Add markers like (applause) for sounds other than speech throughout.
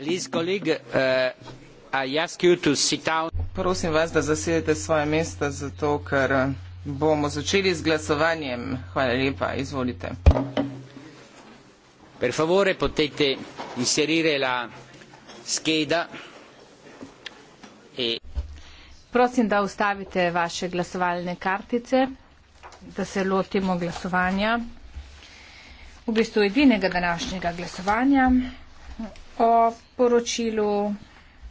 Uh, Prosim vas, da zasedete svoje mesta, zato ker bomo začeli z glasovanjem. Hvala lepa, izvolite. Per favore potete inserire la scheda e... Prosim, da ustavite vaše glasovalne kartice, da se lotimo glasovanja. V bistvu edinega današnjega glasovanja o poročilu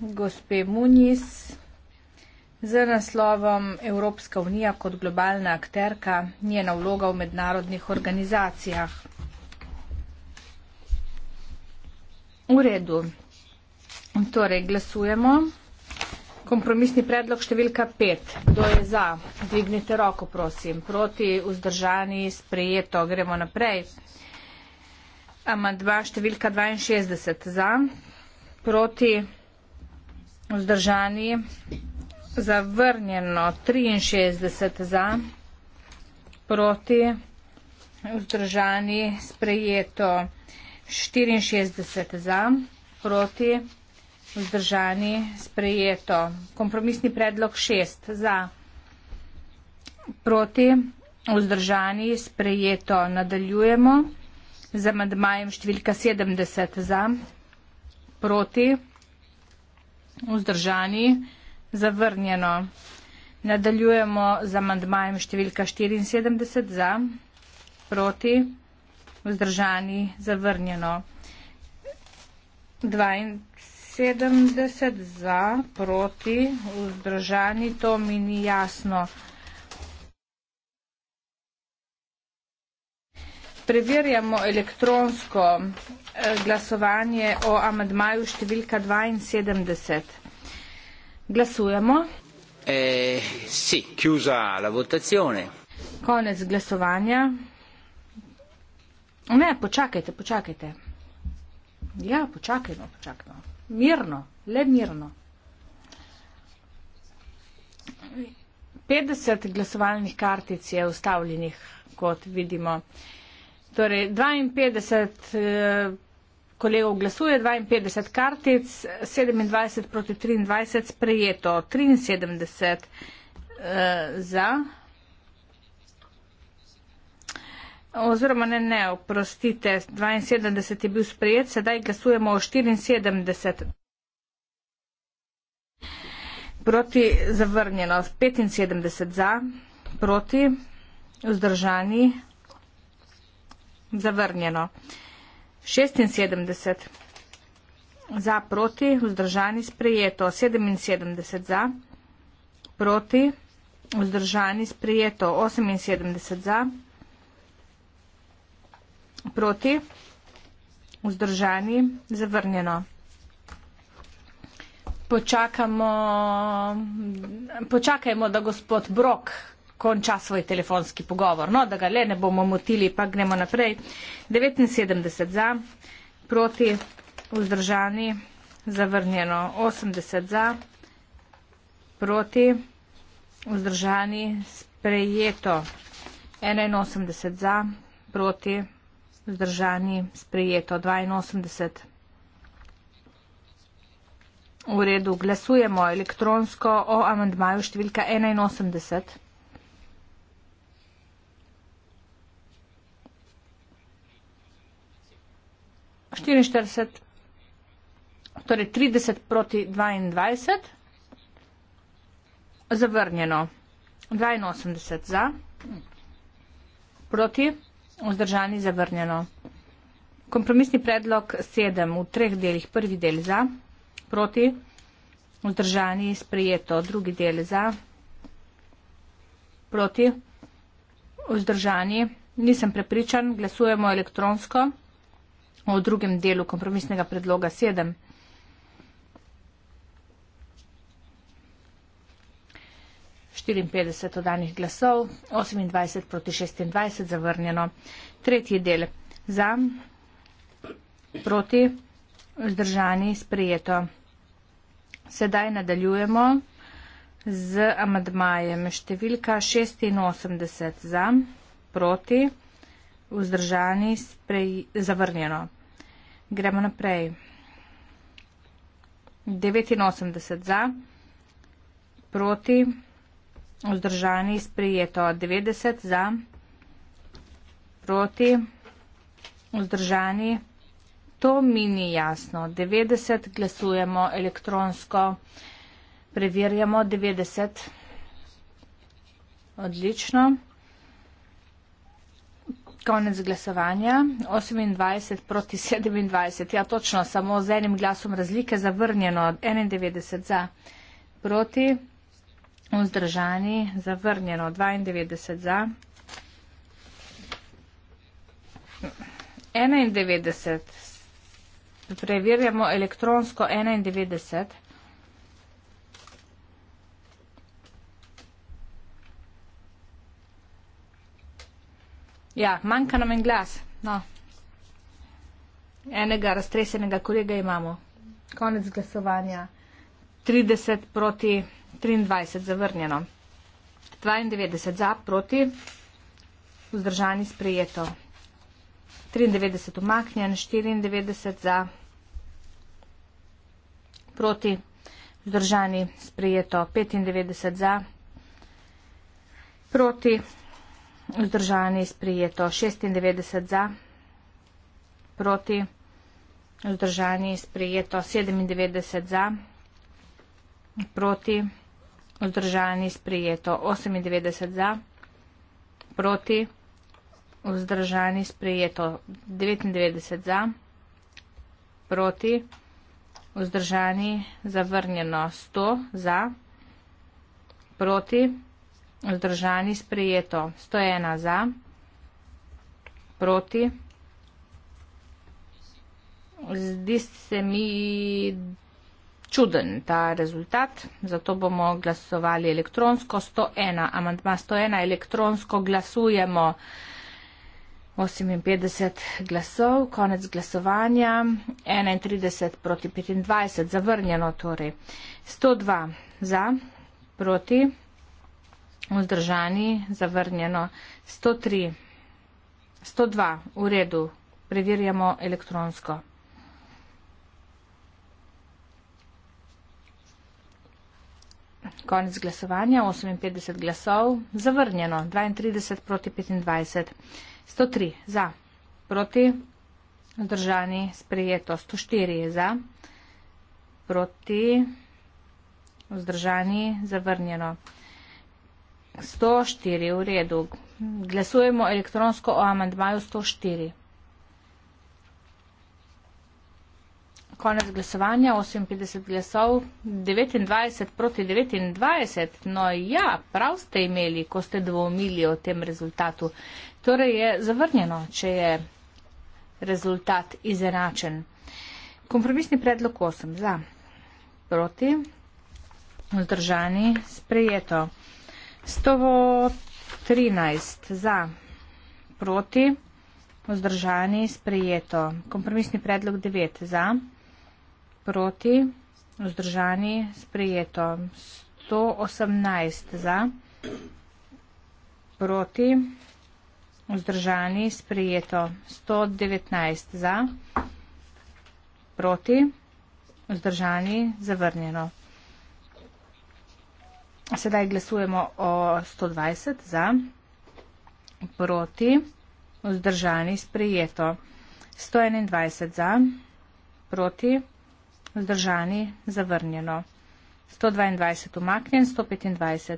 gospe Muniz z naslovom Evropska unija kot globalna akterka, njena vloga v mednarodnih organizacijah. V redu. Torej, glasujemo. Kompromisni predlog številka 5. Kdo je za? Dvignite roko, prosim. Proti, vzdržani, sprejeto. Gremo naprej. Amadva številka 62 za, proti vzdržani, zavrnjeno 63 za, proti vzdržani, sprejeto 64 za, proti vzdržani, sprejeto kompromisni predlog 6 za, proti vzdržani, sprejeto nadaljujemo z amandmajem številka 70 za, proti, vzdržani, zavrnjeno. Nadaljujemo z amandmajem številka 74 za, proti, vzdržani, zavrnjeno. 72 za, proti, vzdržani, to mi ni jasno. preverjamo elektronsko eh, glasovanje o amadmaju številka 72. Glasujemo. Eh, sì, chiusa la votazione. Konec glasovanja. Ne, počakajte, počakajte. Ja, počakajmo, počakajmo. Mirno, le mirno. 50 glasovalnih kartic je ustavljenih, kot vidimo. Eh, Torej, 52 eh, kolegov glasuje, 52 kartic, 27 proti 23 sprejeto, 73 eh, za. Oziroma, ne, ne, oprostite, 72 je bil sprejet, sedaj glasujemo o 74. Proti zavrnjeno, 75 za, proti, vzdržani, zavrnjeno. 76 za, proti, vzdržani, sprejeto. 77 za, proti, vzdržani, sprejeto. 78 za, proti, vzdržani, zavrnjeno. Počakamo, počakajmo, da gospod Brok konča svoj telefonski pogovor. No, da ga le ne bomo motili, pa gremo naprej. 79 za, proti, vzdržani, zavrnjeno. 80 za, proti, vzdržani, sprejeto. 81 za, proti, vzdržani, sprejeto. 82. V redu, glasujemo elektronsko o amendmaju številka 81. 44, torej 30 proti 22, zavrnjeno 82 za, proti vzdržani zavrnjeno. Kompromisni predlog 7 v treh delih, prvi del za, proti vzdržani sprejeto, drugi del za, proti vzdržani. Nisem prepričan, glasujemo elektronsko smo v drugem delu kompromisnega predloga 7. oddanih glasov, 28 proti 26 zavrnjeno. Tretji del za, proti, vzdržani, sprijeto. Sedaj nadaljujemo z amadmajem številka 86 za, proti, vzdržani, sprej, zavrnjeno. Gremo naprej. 89 za, proti, vzdržani, sprijeto. 90 za, proti, vzdržani. To mi ni jasno. 90 glasujemo elektronsko. Preverjamo 90. Odlično. Odlično konec glasovanja, 28 proti 27, ja točno, samo z enim glasom razlike, zavrnjeno, 91 za proti, vzdržani, zavrnjeno, 92 za, 91, preverjamo elektronsko 91. Ja, manjka nam en glas. No. Enega raztresenega kolega imamo. Konec glasovanja. 30 proti 23 zavrnjeno. 92 za proti. Vzdržani sprejeto. 93 umaknjen, 94 za proti. Vzdržani sprejeto. 95 za proti vzdržani, sprijeto 96 za, proti, vzdržani, sprijeto 97 za, proti, vzdržani, sprijeto 98 za, proti, vzdržani, sprijeto 99 za, proti, vzdržani, zavrnjeno 100 za, proti, vzdržani, vzdržani sprejeto 101 za, proti. Zdi se mi čuden ta rezultat, zato bomo glasovali elektronsko 101, amantma 101, elektronsko glasujemo 58 glasov, konec glasovanja, 31 proti 25, zavrnjeno torej, 102 za, proti vzdržani, zavrnjeno 103, 102, v redu, preverjamo elektronsko. Konec glasovanja, 58 glasov, zavrnjeno, 32 proti 25, 103 za, proti, vzdržani, sprejeto, 104 za, proti, vzdržani, zavrnjeno. 104, v redu. Glasujemo elektronsko o amandmaju 104. Konec glasovanja, 58 glasov, 29 proti 29. No ja, prav ste imeli, ko ste dvomili o tem rezultatu. Torej je zavrnjeno, če je rezultat izenačen. Kompromisni predlog 8 za, proti, vzdržani, sprejeto. 113 za, proti, vzdržani, sprejeto. Kompromisni predlog 9 za, proti, vzdržani, sprejeto. 118 za, proti, vzdržani, sprejeto. 119 za, proti, vzdržani, zavrnjeno. Sedaj glasujemo o 120 za, proti, vzdržani, sprejeto. 121 za, proti, vzdržani, zavrnjeno. 122 umaknjen, 125.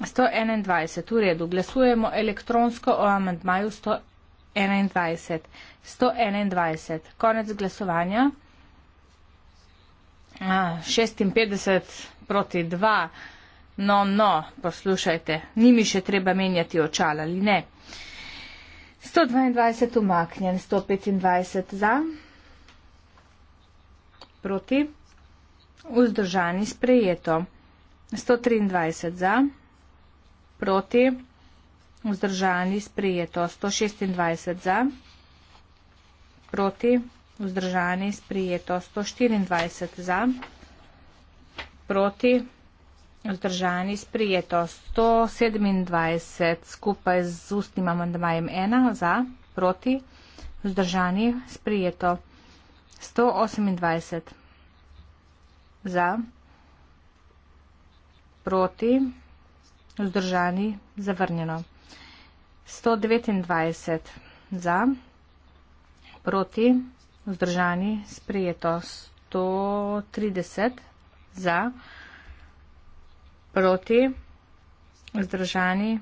121, v redu, glasujemo elektronsko o amandmaju 121. 121, konec glasovanja. 56 proti 2. No, no, poslušajte, ni mi še treba menjati očal ali ne. 122 umaknjen, 125 za, proti, vzdržani sprejeto. 123 za, proti, vzdržani sprejeto. 126 za, proti, vzdržani, sprijeto 124 za, proti, vzdržani, sprijeto 127 skupaj z ustnim amandmajem 1 za, proti, vzdržani, sprijeto 128 za, proti, vzdržani, zavrnjeno. 129 za, proti, vzdržani, sprejeto 130 za, proti, vzdržani.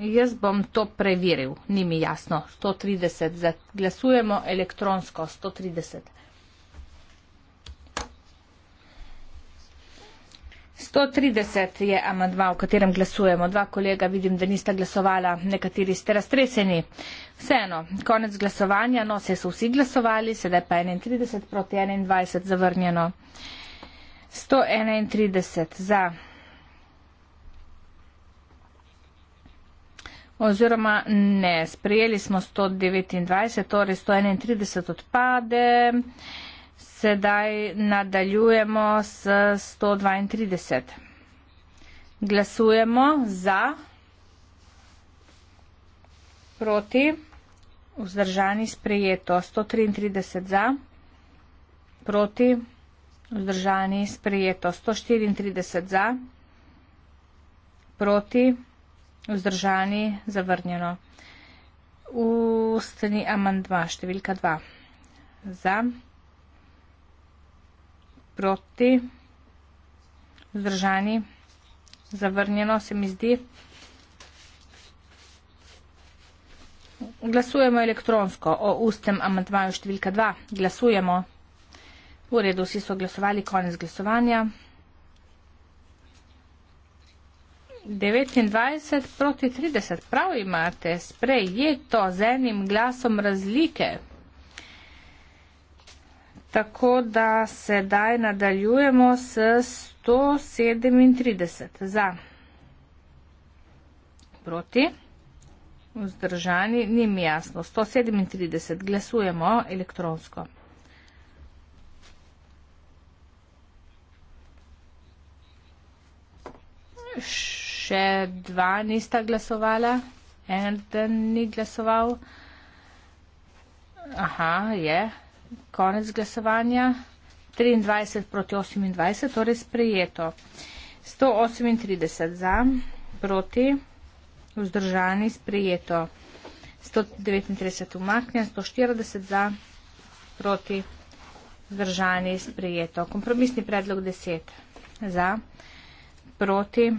Jaz bom to preveril, ni mi jasno. 130 za, glasujemo elektronsko 130. 130 je amadma, o katerem glasujemo. Dva kolega vidim, da nista glasovala, nekateri ste raztreseni. Vseeno, konec glasovanja, no se so vsi glasovali, sedaj pa 31 proti 21 zavrnjeno. 131 za. Oziroma ne, sprejeli smo 129, torej 131 odpade. Sedaj nadaljujemo s 132. Glasujemo za. Proti vzdržani sprejeto 133 za, proti vzdržani sprejeto 134 za, proti vzdržani zavrnjeno. Ustni amandma številka 2 za, proti vzdržani zavrnjeno se mi zdi. Glasujemo elektronsko o ustnem amantmaju številka 2. Glasujemo. V redu, vsi so glasovali, konec glasovanja. 29 proti 30, prav imate, sprej je to z enim glasom razlike. Tako da sedaj nadaljujemo s 137 za proti. Vzdržani, ni mi jasno. 137, glasujemo elektronsko. Še dva nista glasovala, eden ni glasoval. Aha, je, konec glasovanja. 23 proti 28, torej sprejeto. 138 za, proti vzdržani, sprejeto 139 umaknjen, 140 za, proti vzdržani, sprejeto. Kompromisni predlog 10 za, proti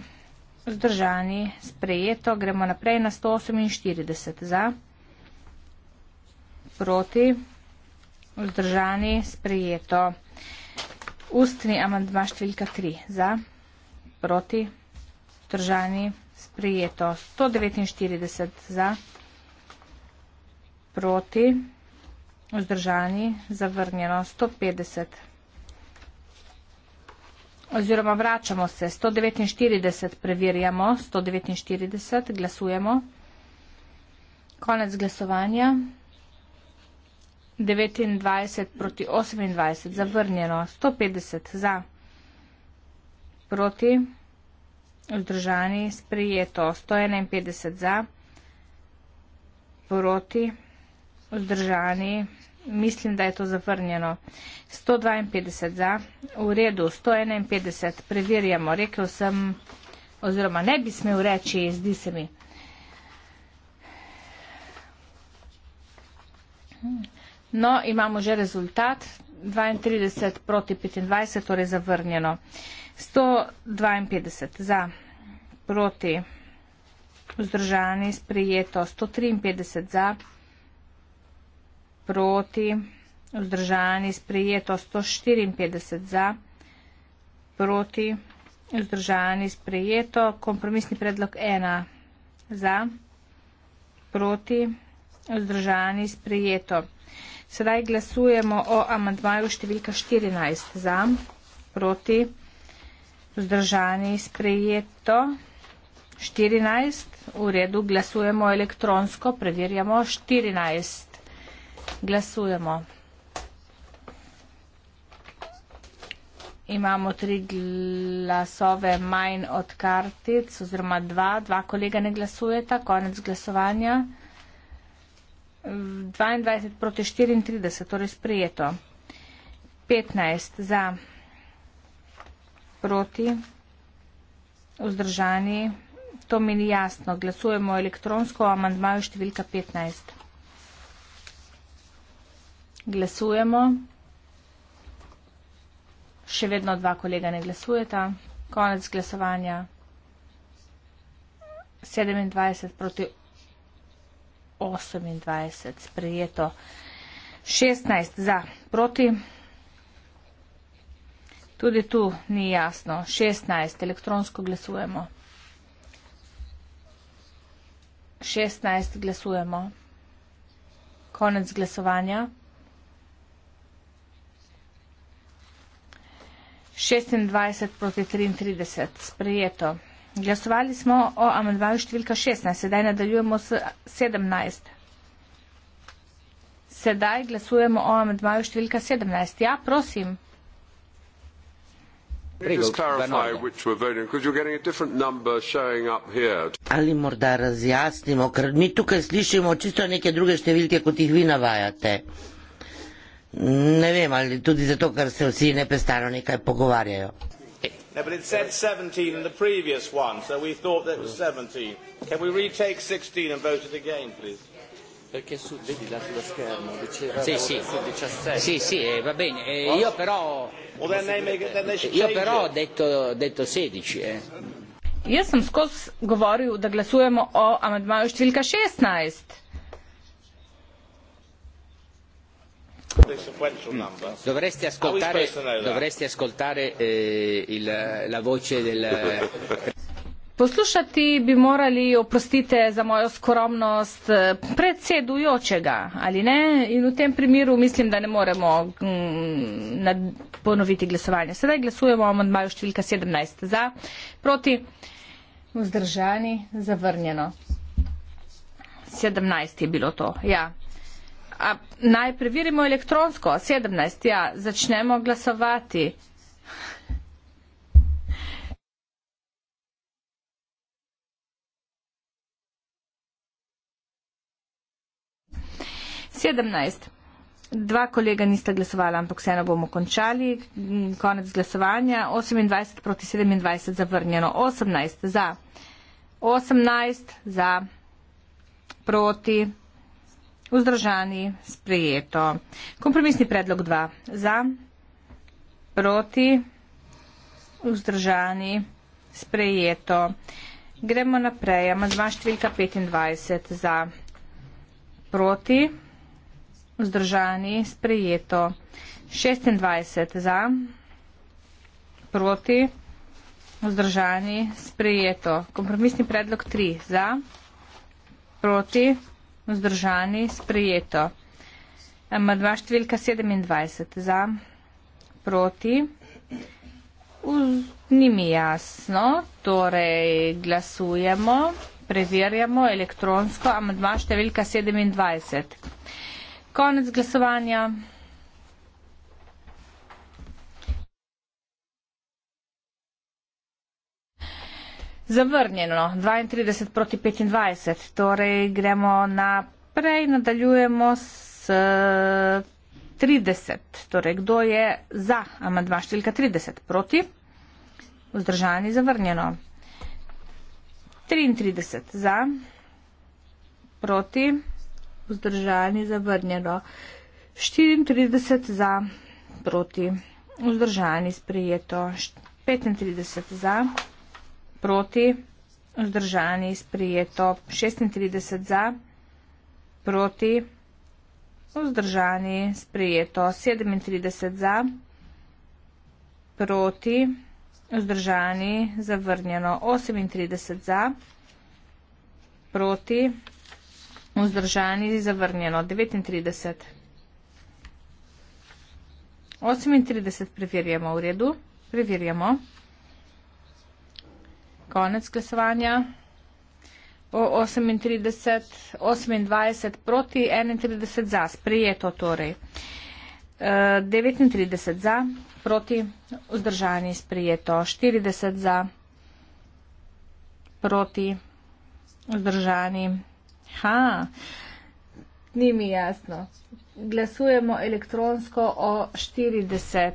vzdržani, sprejeto. Gremo naprej na 148 za, proti vzdržani, sprejeto. Ustni amandma številka 3 za, proti vzdržani, sprejeto sprejeto 149 za, proti, vzdržani, zavrnjeno 150. Oziroma vračamo se, 149 preverjamo, 149 glasujemo. Konec glasovanja. 29 proti 28, zavrnjeno 150 za, proti vzdržani, sprejeto 151 za, proti, vzdržani, mislim, da je to zavrnjeno, 152 za, v redu 151, preverjamo, rekel sem, oziroma ne bi smel reči, zdi se mi. No, imamo že rezultat, 32 proti 25, torej zavrnjeno. 152 za proti vzdržani sprijeto, 153 za proti vzdržani sprijeto, 154 za proti vzdržani sprijeto, kompromisni predlog 1 za proti vzdržani sprijeto. Sedaj glasujemo o amantmaju številka 14 za, proti, vzdržani, sprejeto. 14, v redu, glasujemo elektronsko, preverjamo 14. Glasujemo. Imamo tri glasove manj od kartic, oziroma dva, dva kolega ne glasujeta, konec glasovanja. 22 proti 34, torej sprejeto. 15 za proti vzdržani. To mi ni jasno. Glasujemo elektronsko o amandmaju številka 15. Glasujemo. Še vedno dva kolega ne glasujeta. Konec glasovanja. 27 proti 34. 28, sprejeto 16 za, proti. Tudi tu ni jasno. 16, elektronsko glasujemo. 16 glasujemo. Konec glasovanja. 26 proti 33, sprejeto 16. Glasovali smo o amandvaju številka 16, sedaj nadaljujemo s 17. Sedaj glasujemo o amandvaju številka 17. Ja, prosim. Ali morda razjasnimo, ker mi tukaj slišimo čisto neke druge številke, kot jih vi navajate. Ne vem, ali tudi zato, ker se vsi nepestano nekaj pogovarjajo. No, but it said 17 in the previous one, so we thought that was 17. Can we retake 16 and vote it again, please? Perché su, vedi là sullo schermo, diceva sì, sì. 17. Sì, sì, eh, va bene. Eh, oh. io però... Well, then they make, then they io però ho detto, detto 16, eh. Jaz sem skozi govoril, da glasujemo o amadmaju številka 16. Dovresti ascoltare, dovresti ascoltare eh, il, la voce del. Poslušati bi morali, oprostite za mojo skromnost, predsedujočega, ali ne? In v tem primeru mislim, da ne moremo mm, ponoviti glasovanje. Sedaj glasujemo o amandmaju številka 17 za, proti, vzdržani, zavrnjeno. 17 je bilo to, ja. A naj preverimo elektronsko, 17, ja, začnemo glasovati. Sedemnajst. Dva kolega nista glasovala, ampak vseeno bomo končali. Konec glasovanja. 28 proti 27 zavrnjeno. 18 za. 18 za. Proti. Vzdržani sprejeto. Kompromisni predlog 2. Za, proti, vzdržani sprejeto. Gremo naprej. Amadma številka 25. Za, proti, vzdržani sprejeto. 26. Za, proti, vzdržani sprejeto. Kompromisni predlog 3. Za, proti, vzdržani sprejeto vzdržani, sprejeto. Amadva številka 27 za, proti. Ni mi jasno, torej glasujemo, preverjamo elektronsko amadva številka 27. Konec glasovanja. Zavrnjeno, 32 proti 25, torej gremo naprej, nadaljujemo s 30. Eh, torej, kdo je za amandma številka 30? Proti? Vzdržani, zavrnjeno. 33 za, proti, vzdržani, zavrnjeno. 34 za, proti, vzdržani, sprijeto. 35 za, proti, vzdržani, sprijeto, 36 za, proti, vzdržani, sprijeto, 37 za, proti, vzdržani, zavrnjeno, 38 za, proti, vzdržani, zavrnjeno, 39. 38 preverjamo v redu, preverjamo konec glasovanja. O 38, 28 proti, 31 za, sprejeto torej. 39 e, za, proti, vzdržani, sprejeto. 40 za, proti, vzdržani. Ha, ni mi jasno. Glasujemo elektronsko o 40.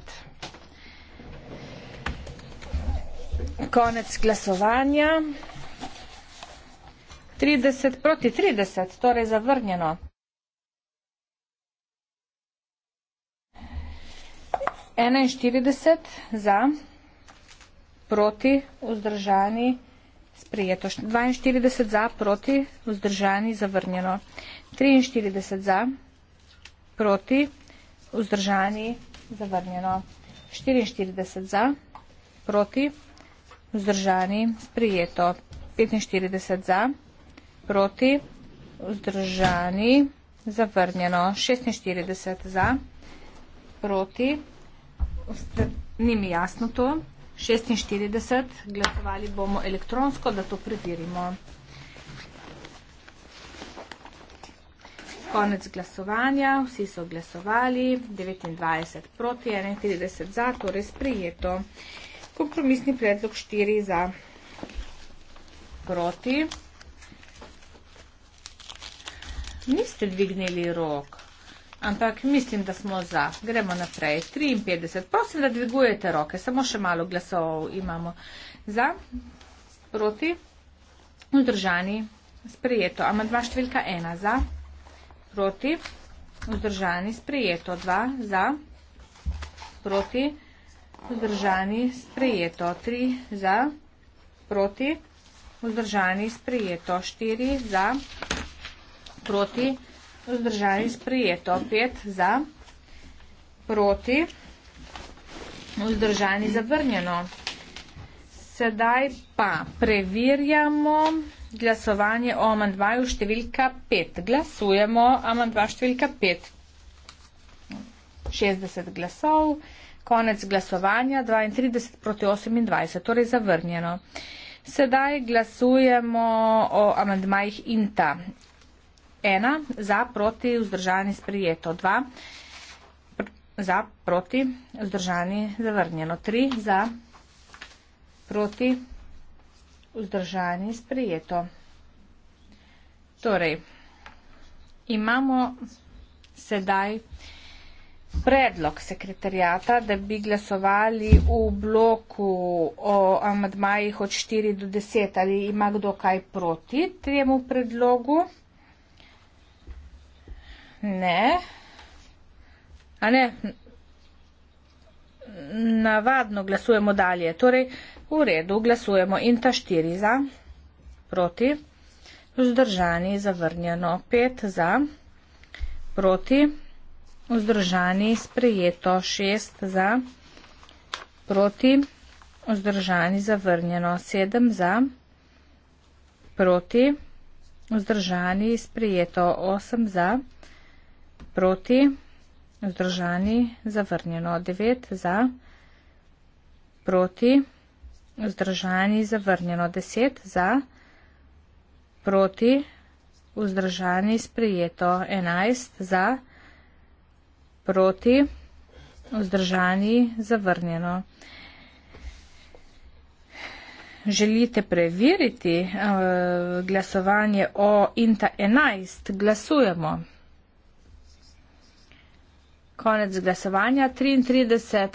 Konec glasovanja. 30 proti 30, torej zavrnjeno. Enainštirideset za, proti, vzdržani, sprejeto. Dvainštirideset za, proti, vzdržani, zavrnjeno. Triinštirideset za, proti, vzdržani, zavrnjeno. Štiriinštirideset za, proti, vzdržani, zavrnjeno vzdržani, sprijeto. 45 za, proti, vzdržani, zavrnjeno. 46 za, proti, Ustre, ni mi jasno to. 46, glasovali bomo elektronsko, da to preverimo. Konec glasovanja, vsi so glasovali, 29 proti, 31 za, torej sprijeto kompromisni predlog 4 za proti. Niste dvignili rok, ampak mislim, da smo za. Gremo naprej. 53. Prosim, da dvigujete roke. Samo še malo glasov imamo. Za, proti, vzdržani, sprejeto. Amandma številka 1 za, proti, vzdržani, sprejeto. 2 za, proti, vzdržani. Vzdržani, sprejeto. 3 za, proti. Vzdržani, sprejeto. 4 za, proti. Vzdržani, sprejeto. 5 za, proti. Vzdržani, zavrnjeno. Sedaj pa preverjamo glasovanje o amandvaju številka 5. Glasujemo amandva številka 5. 60 glasov konec glasovanja 32 proti 28, torej zavrnjeno. Sedaj glasujemo o amandmajih INTA. 1. Za proti vzdržani sprijeto. 2. Pr za proti vzdržani zavrnjeno. 3. Za proti vzdržani sprijeto. Torej, imamo sedaj predlog sekretarjata, da bi glasovali v bloku o amadmajih od 4 do 10. Ali ima kdo kaj proti temu predlogu? Ne. A ne? Navadno glasujemo dalje. Torej, v redu glasujemo in ta 4 za, proti, vzdržani, zavrnjeno, 5 za, proti vzdržani, sprejeto, šest za, proti, vzdržani, zavrnjeno, sedem za, proti, vzdržani, sprejeto, osem za, proti, vzdržani, zavrnjeno, devet za, proti, vzdržani, zavrnjeno, deset za, proti, vzdržani, sprejeto, enajst za, proti, proti, vzdržani, zavrnjeno. Želite preveriti uh, glasovanje o INTA 11? Glasujemo. Konec glasovanja 33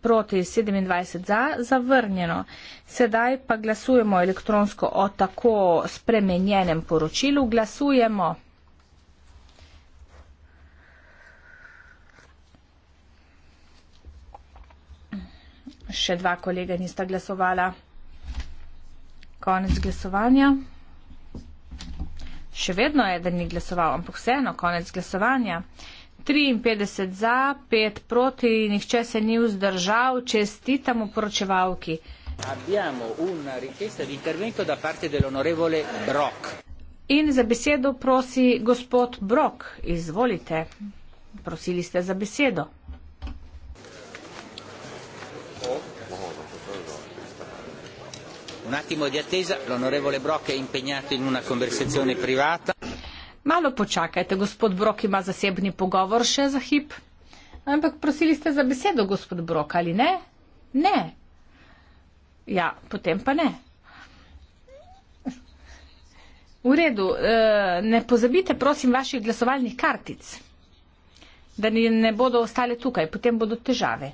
proti 27 za, zavrnjeno. Sedaj pa glasujemo elektronsko o tako spremenjenem poročilu. Glasujemo. še dva kolega nista glasovala. Konec glasovanja. Še vedno je, da ni glasoval, ampak vseeno, konec glasovanja. 53 za, 5 proti, nihče se ni vzdržal, čestitamo poročevalki. In za besedo prosi gospod Brok, izvolite. Prosili ste za besedo. Un attimo di attesa, l'onorevole Brock è impegnato in una conversazione privata. Malo počakajte, gospod Brock ima zasebni pogovor še za hip. Ampak prosili ste za besedo, gospod Brock, ali ne? Ne. Ja, potem pa ne. V redu, e, ne pozabite prosim vaših glasovalnih kartic, da ne bodo ostale tukaj, potem bodo težave.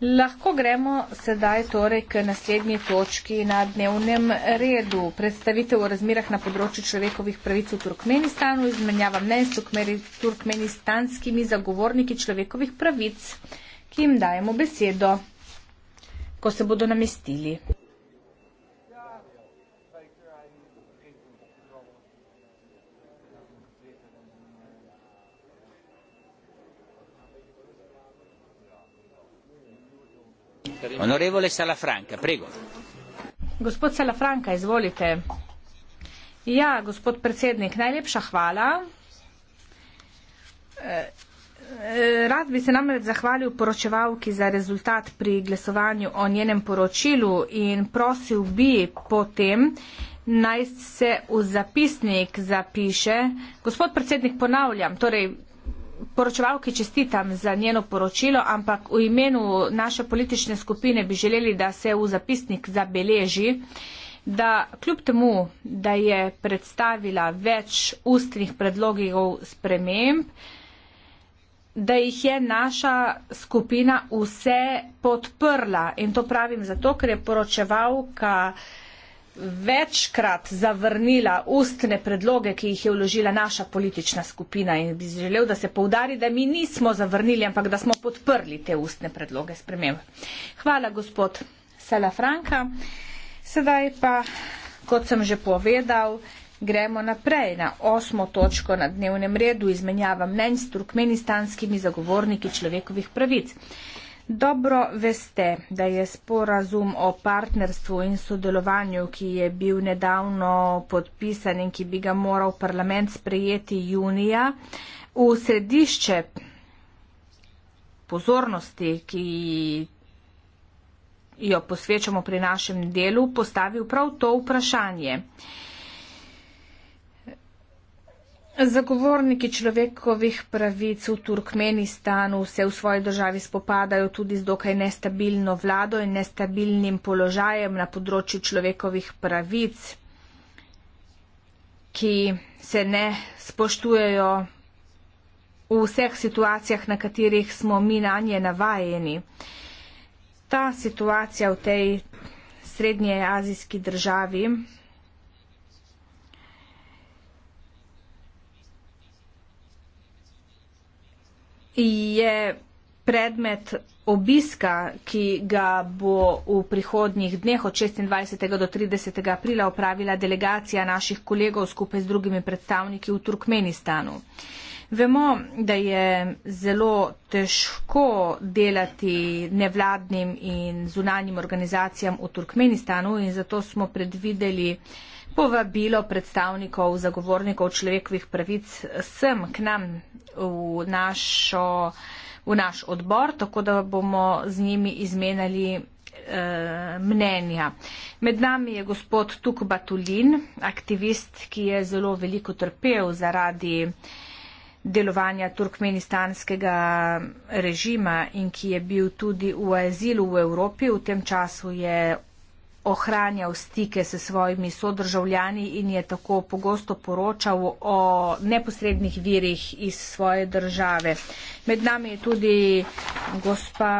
Lahko gremo sedaj torej k naslednji točki na dnevnem redu. Predstavitev o razmirah na področju človekovih pravic v Turkmenistanu, izmenjava mnen s turkmenistanskimi zagovorniki človekovih pravic, ki jim dajemo besedo, ko se bodo namestili. onorevole Salafranca, prego. Gospod Salafranca, izvolite. Ja, gospod predsednik, najlepša hvala. Eh, eh, rad bi se namreč zahvalil poročevalki za rezultat pri glasovanju o njenem poročilu in prosil bi potem, naj se v zapisnik zapiše. Gospod predsednik, ponavljam, torej poročevalki čestitam za njeno poročilo, ampak v imenu naše politične skupine bi želeli, da se v zapisnik zabeleži, da kljub temu, da je predstavila več ustnih predlogov sprememb, da jih je naša skupina vse podprla. In to pravim zato, ker je poročevalka večkrat zavrnila ustne predloge, ki jih je vložila naša politična skupina in bi želel, da se povdari, da mi nismo zavrnili, ampak da smo podprli te ustne predloge sprememb. Hvala, gospod Sela Franka. Sedaj pa, kot sem že povedal, gremo naprej na osmo točko na dnevnem redu izmenjava mnenj s turkmenistanskimi zagovorniki človekovih pravic. Dobro veste, da je sporazum o partnerstvu in sodelovanju, ki je bil nedavno podpisan in ki bi ga moral parlament sprejeti junija, v središče pozornosti, ki jo posvečamo pri našem delu, postavil prav to vprašanje. Zagovorniki človekovih pravic v Turkmenistanu se v svoji državi spopadajo tudi z dokaj nestabilno vlado in nestabilnim položajem na področju človekovih pravic, ki se ne spoštujejo v vseh situacijah, na katerih smo mi na nje navajeni. Ta situacija v tej srednje azijski državi je predmet obiska, ki ga bo v prihodnjih dneh od 26. do 30. aprila opravila delegacija naših kolegov skupaj z drugimi predstavniki v Turkmenistanu. Vemo, da je zelo težko delati nevladnim in zunanjim organizacijam v Turkmenistanu in zato smo predvideli, povabilo predstavnikov zagovornikov človekovih pravic sem k nam v, našo, v naš odbor, tako da bomo z njimi izmenjali eh, mnenja. Med nami je gospod Tuk Batulin, aktivist, ki je zelo veliko trpel zaradi delovanja turkmenistanskega režima in ki je bil tudi v azilu v Evropi. V tem času je ohranjal stike s svojimi sodržavljani in je tako pogosto poročal o neposrednih virih iz svoje države. Med nami je tudi gospa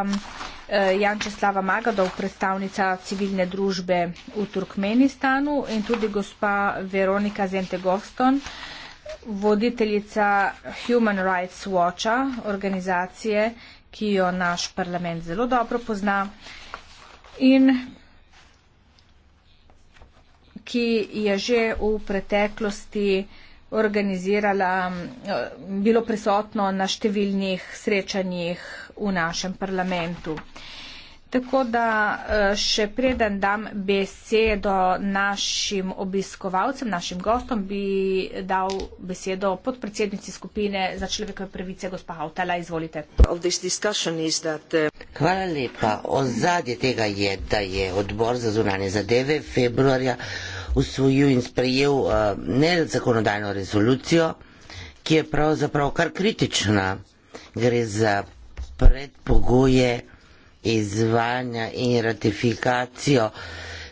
eh, Jančeslava Magadov, predstavnica civilne družbe v Turkmenistanu in tudi gospa Veronika Zentegovston, voditeljica Human Rights Watcha, organizacije, ki jo naš parlament zelo dobro pozna. In ki je že v preteklosti organizirala, eh, bilo prisotno na številnih srečanjih v našem parlamentu. Tako da eh, še preden dam besedo našim obiskovalcem, našim gostom, bi dal besedo podpredsednici skupine za človekove pravice, gospa Hautala, izvolite. Eh, Hvala lepa. Ozadje tega je, da je odbor za zunanje zadeve februarja usvojil in sprejel uh, nezakonodajno rezolucijo, ki je pravzaprav kar kritična. Gre za predpogoje izvajanja in ratifikacijo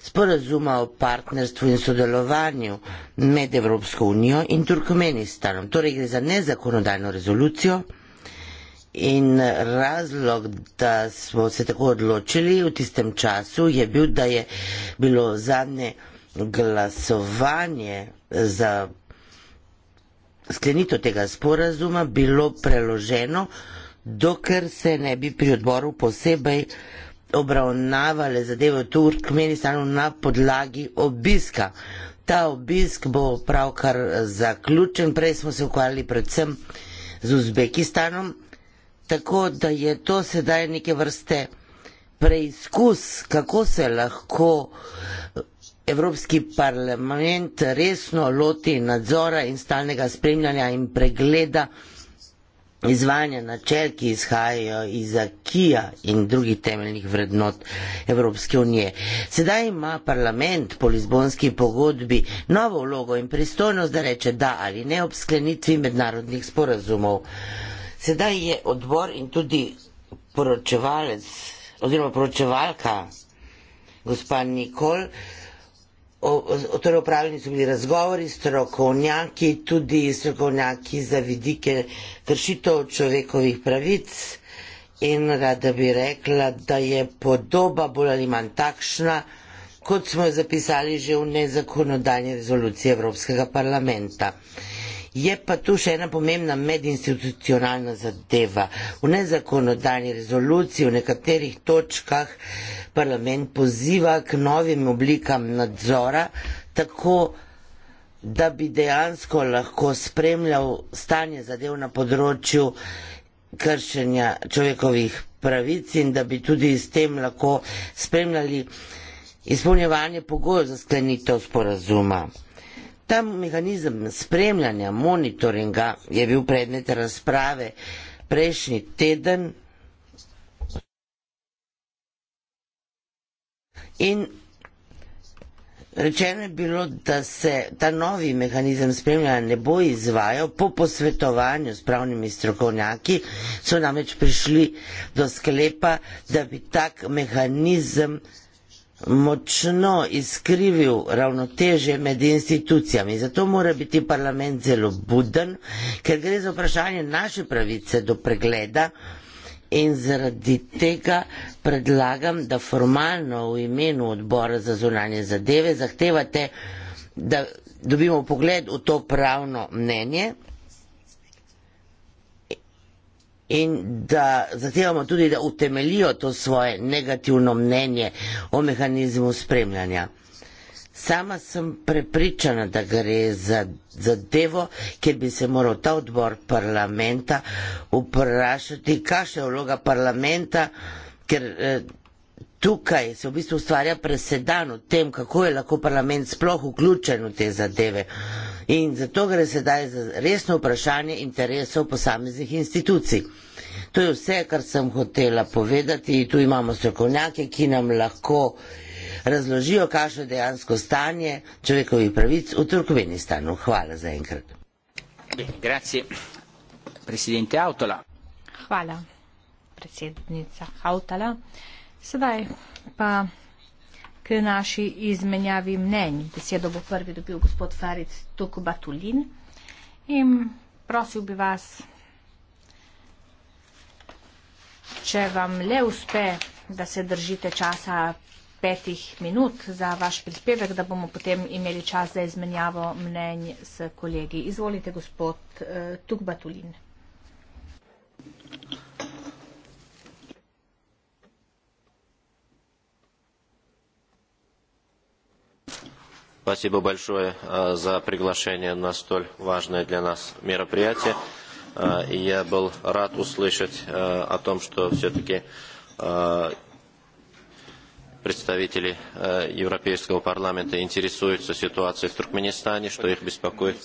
sporazuma o partnerstvu in sodelovanju med Evropsko unijo in Turkmenistanom. Torej gre za nezakonodajno rezolucijo in razlog, da smo se tako odločili v tistem času, je bil, da je bilo zadnje glasovanje za sklenito tega sporazuma bilo preloženo, dokler se ne bi pri odboru posebej obravnavale zadeve v Turkmenistanu na podlagi obiska. Ta obisk bo pravkar zaključen, prej smo se ukvarjali predvsem z Uzbekistanom, tako da je to sedaj neke vrste preizkus, kako se lahko Evropski parlament resno loti nadzora in stalnega spremljanja in pregleda izvajanja načel, ki izhajajo iz Akija in drugih temeljnih vrednot Evropske unije. Sedaj ima parlament po Lizbonski pogodbi novo vlogo in pristojnost, da reče da ali ne ob sklenitvi mednarodnih sporazumov. Sedaj je odbor in tudi poročevalec oziroma poročevalka gospa Nikol o, torej upravljeni so bili razgovori s strokovnjaki, tudi strokovnjaki za vidike kršitev človekovih pravic in rada bi rekla, da je podoba bolj ali manj takšna, kot smo jo zapisali že v nezakonodajni rezoluciji Evropskega parlamenta. Je pa tu še ena pomembna medinstitucionalna zadeva. V nezakonodajni rezoluciji v nekaterih točkah parlament poziva k novim oblikam nadzora, tako da bi dejansko lahko spremljal stanje zadev na področju kršenja človekovih pravic in da bi tudi s tem lahko spremljali izpolnjevanje pogojev za sklenitev sporazuma. Ta mehanizem spremljanja, monitoringa je bil predmet razprave prejšnji teden in rečeno je bilo, da se ta novi mehanizem spremljanja ne bo izvajal po posvetovanju s pravnimi strokovnjaki, so namreč prišli do sklepa, da bi tak mehanizem močno izkrivil ravnotežje med institucijami. Zato mora biti parlament zelo buden, ker gre za vprašanje naše pravice do pregleda in zaradi tega predlagam, da formalno v imenu odbora za zunanje zadeve zahtevate, da dobimo pogled v to pravno mnenje in da zahtevamo tudi, da utemeljijo to svoje negativno mnenje o mehanizmu spremljanja. Sama sem prepričana, da gre za zadevo, kjer bi se moral ta odbor parlamenta vprašati, kakšna je vloga parlamenta, ker eh, tukaj se v bistvu ustvarja presedan o tem, kako je lahko parlament sploh vključen v te zadeve. In zato gre sedaj za resno vprašanje interesov posameznih institucij. To je vse, kar sem hotela povedati. Tu imamo strokovnjake, ki nam lahko razložijo, kakšno je dejansko stanje človekovih pravic v Turkmenistanu. Hvala za enkrat. Grazie, presidente Avtola. Hvala, predsednica Avtola. Sedaj pa k naši izmenjavi mnenj. Besedo bo prvi dobil gospod Farid Tokobatulin in prosil bi vas, če vam le uspe, da se držite časa petih minut za vaš prispevek, da bomo potem imeli čas za izmenjavo mnenj s kolegi. Izvolite, gospod uh, eh, Tukbatulin. Спасибо большое за приглашение на столь важное для нас мероприятие. И я был рад услышать о том, что все-таки представители Европейского парламента интересуются ситуацией в Туркменистане, что их беспокоит.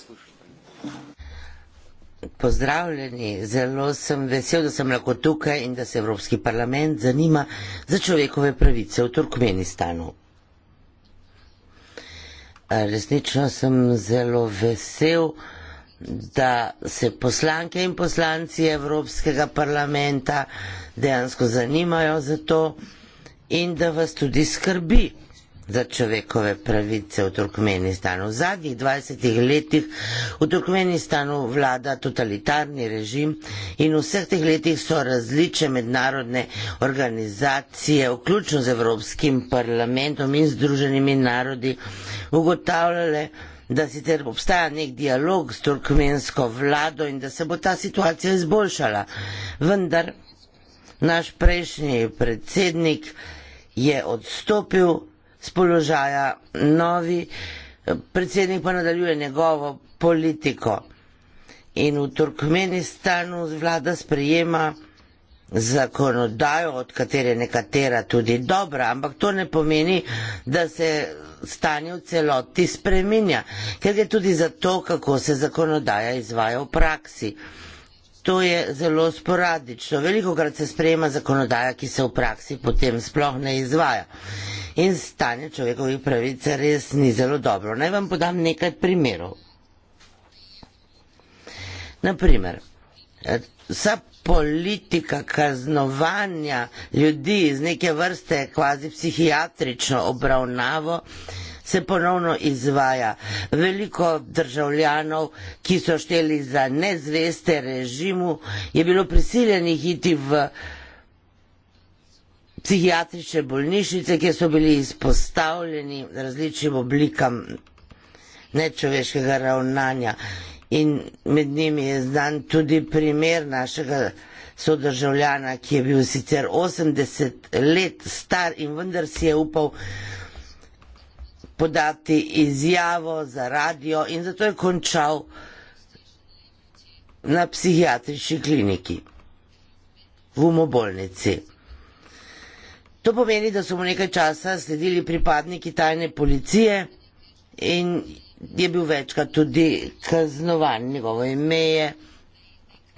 Pozdravljeni, zelo sem vesel, da sem lahko tukaj in da se Evropski parlament zanima za človekove pravice v Turkmenistanu. Resnično sem zelo vesel, da se poslanke in poslanci Evropskega parlamenta dejansko zanimajo za to in da vas tudi skrbi za človekove pravice v Turkmenistanu. V zadnjih 20 letih v Turkmenistanu vlada totalitarni režim in v vseh teh letih so različne mednarodne organizacije, vključno z Evropskim parlamentom in Združenimi narodi, ugotavljale, da sicer obstaja nek dialog s turkmensko vlado in da se bo ta situacija izboljšala. Vendar naš prejšnji predsednik je odstopil s položaja novi, eh, predsednik pa nadaljuje njegovo politiko. In v Turkmenistanu vlada sprejema zakonodajo, od katere nekatera tudi dobra, ampak to ne pomeni, da se stanje v celoti spreminja, ker je tudi zato, kako se zakonodaja izvaja v praksi. To je zelo sporadično. Veliko krat se sprejema zakonodaja, ki se v praksi potem sploh ne izvaja in stanje človekovih pravic res ni zelo dobro. Naj vam podam nekaj primerov. Naprimer, vsa politika kaznovanja ljudi iz neke vrste kvazi psihiatrično obravnavo se ponovno izvaja. Veliko državljanov, ki so šteli za nezveste režimu, je bilo prisiljenih iti v psihiatrične bolnišnice, kjer so bili izpostavljeni različnim oblikam nečloveškega ravnanja. In med njimi je znan tudi primer našega sodržavljana, ki je bil sicer 80 let star in vendar si je upal podati izjavo za radio in zato je končal na psihiatrični kliniki v umobolnici. To pomeni, da so mu nekaj časa sledili pripadniki tajne policije in je bil večkrat tudi kaznovan. Njegovo ime je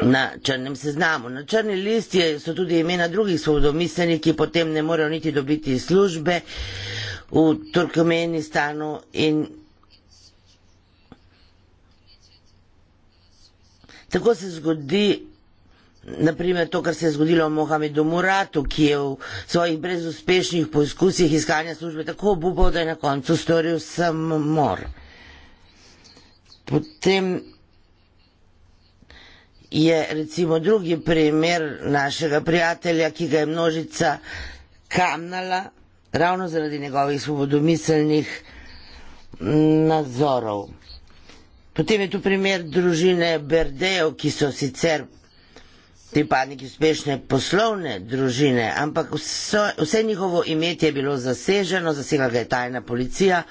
na črnem seznamu. Na črni listi so tudi imena drugih svobodomiselnih, ki potem ne morejo niti dobiti službe v Turkmenistanu in tako se zgodi Naprimer, to, kar se je zgodilo Mohamedu Muratu, ki je v svojih brezuspešnih poskusih iskanja službe tako obupal, da je na koncu storil samomor. Potem je recimo drugi primer našega prijatelja, ki ga je množica kamnala ravno zaradi njegovih svobodomiselnih nadzorov. Potem je tu primer družine Berdejev, ki so sicer pripadniki uspešne poslovne družine, ampak vse, vse njihovo imetje je bilo zaseženo, zasegla ga je tajna policija,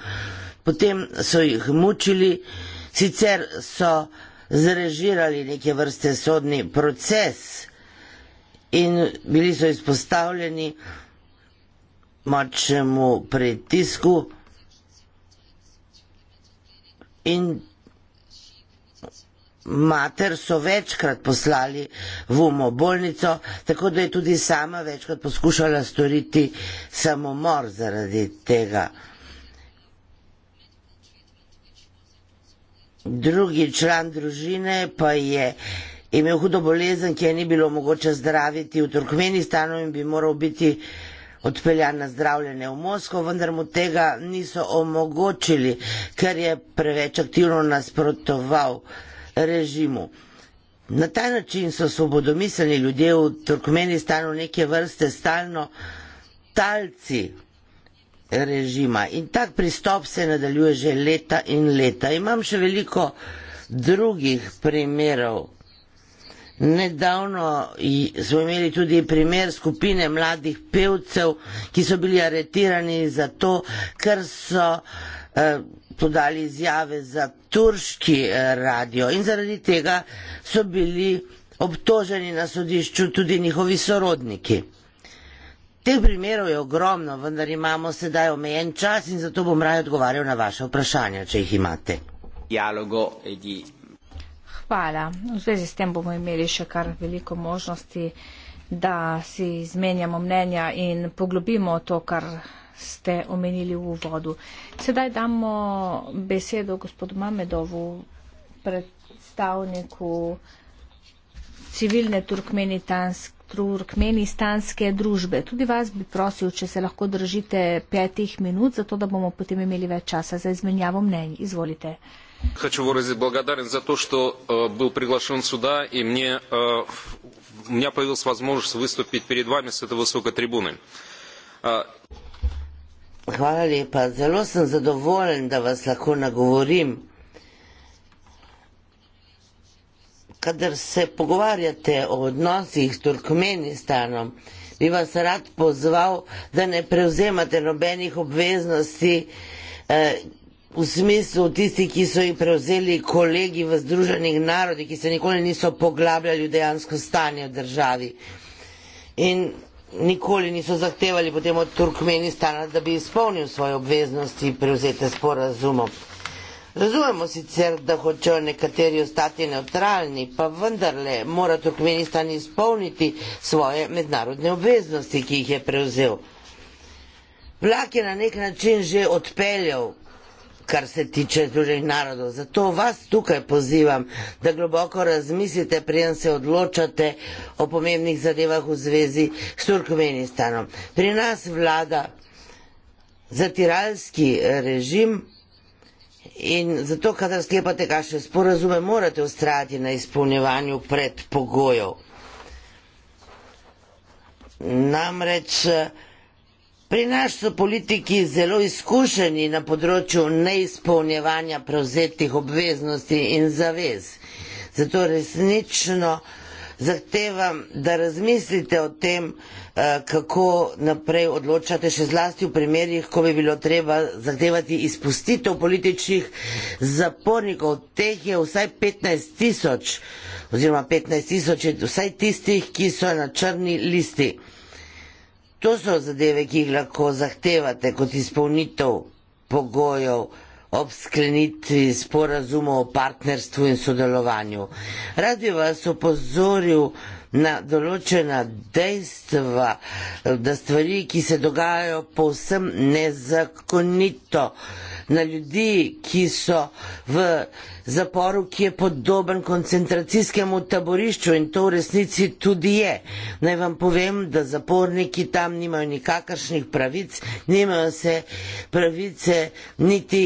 potem so jih mučili, sicer so zrežirali neke vrste sodni proces in bili so izpostavljeni močnemu pritisku. In mater so večkrat poslali v umo bolnico, tako da je tudi sama večkrat poskušala storiti samomor zaradi tega. Drugi član družine pa je imel hudo bolezen, ki je ni bilo mogoče zdraviti v Turkmenistanu in bi moral biti odpeljan na zdravljenje v Moskvo, vendar mu tega niso omogočili, ker je preveč aktivno nasprotoval režimu. Na ta način so svobodomiselni ljudje v Turkmenistanu neke vrste stalno talci režima in tak pristop se nadaljuje že leta in leta. Imam še veliko drugih primerov. Nedavno smo imeli tudi primer skupine mladih pevcev, ki so bili aretirani zato, ker so eh, podali izjave za turški eh, radio in zaradi tega so bili obtoženi na sodišču tudi njihovi sorodniki. Teh primerov je ogromno, vendar imamo sedaj omejen čas in zato bom raje odgovarjal na vaše vprašanja, če jih imate. Hvala. V zvezi s tem bomo imeli še kar veliko možnosti, da si izmenjamo mnenja in poglobimo to, kar ste omenili v uvodu. Sedaj damo besedo gospodu Mamedovu, predstavniku civilne turkmenitanske. Turkmenistanske družbe. Tudi vas bi prosil, če se lahko držite petih minut, zato da bomo potem imeli več časa za izmenjavo mnenj. Izvolite. Хочу выразить благодарность за то, что э, был приглашен сюда, и мне, э, у меня появилась возможность выступить перед вами с этой высокой трибуны. Э, Hvala lepa. Zelo sem zadovoljen, da vas lahko nagovorim. Kadar se pogovarjate o odnosih s Turkmenistanom, bi vas rad pozval, da ne prevzemate nobenih obveznosti eh, v smislu tistih, ki so jih prevzeli kolegi v Združenih narodih, ki se nikoli niso poglabljali v dejansko stanje v državi. In nikoli niso zahtevali potem od Turkmenistana, da bi izpolnil svoje obveznosti prevzete s porazumom. Razumemo sicer, da hočejo nekateri ostati neutralni, pa vendarle mora Turkmenistan izpolniti svoje mednarodne obveznosti, ki jih je prevzel. Vlak je na nek način že odpeljal, kar se tiče združenih narodov. Zato vas tukaj pozivam, da globoko razmislite, preden se odločate o pomembnih zadevah v zvezi s Turkmenistanom. Pri nas vlada zatiralski režim. In zato, kadar sklepate kakšne sporazume, morate ustrajati na izpolnjevanju predpogojev. Namreč, Pri nas so politiki zelo izkušeni na področju neizpolnjevanja prevzetih obveznosti in zavez. Zato resnično zahtevam, da razmislite o tem, eh, kako naprej odločate, še zlasti v primerjih, ko bi bilo treba zahtevati izpustitev političnih zapornikov. Teh je vsaj 15 tisoč oziroma 15 tisoč je vsaj tistih, ki so na črni listi. To so zadeve, ki jih lahko zahtevate kot izpolnitev pogojev ob sklenitvi sporazumov o partnerstvu in sodelovanju. Rad bi vas opozoril na določena dejstva, da stvari, ki se dogajajo povsem nezakonito, na ljudi, ki so v zaporu, ki je podoben koncentracijskemu taborišču in to v resnici tudi je. Naj vam povem, da zaporniki tam nimajo nikakršnih pravic, nimajo se pravice niti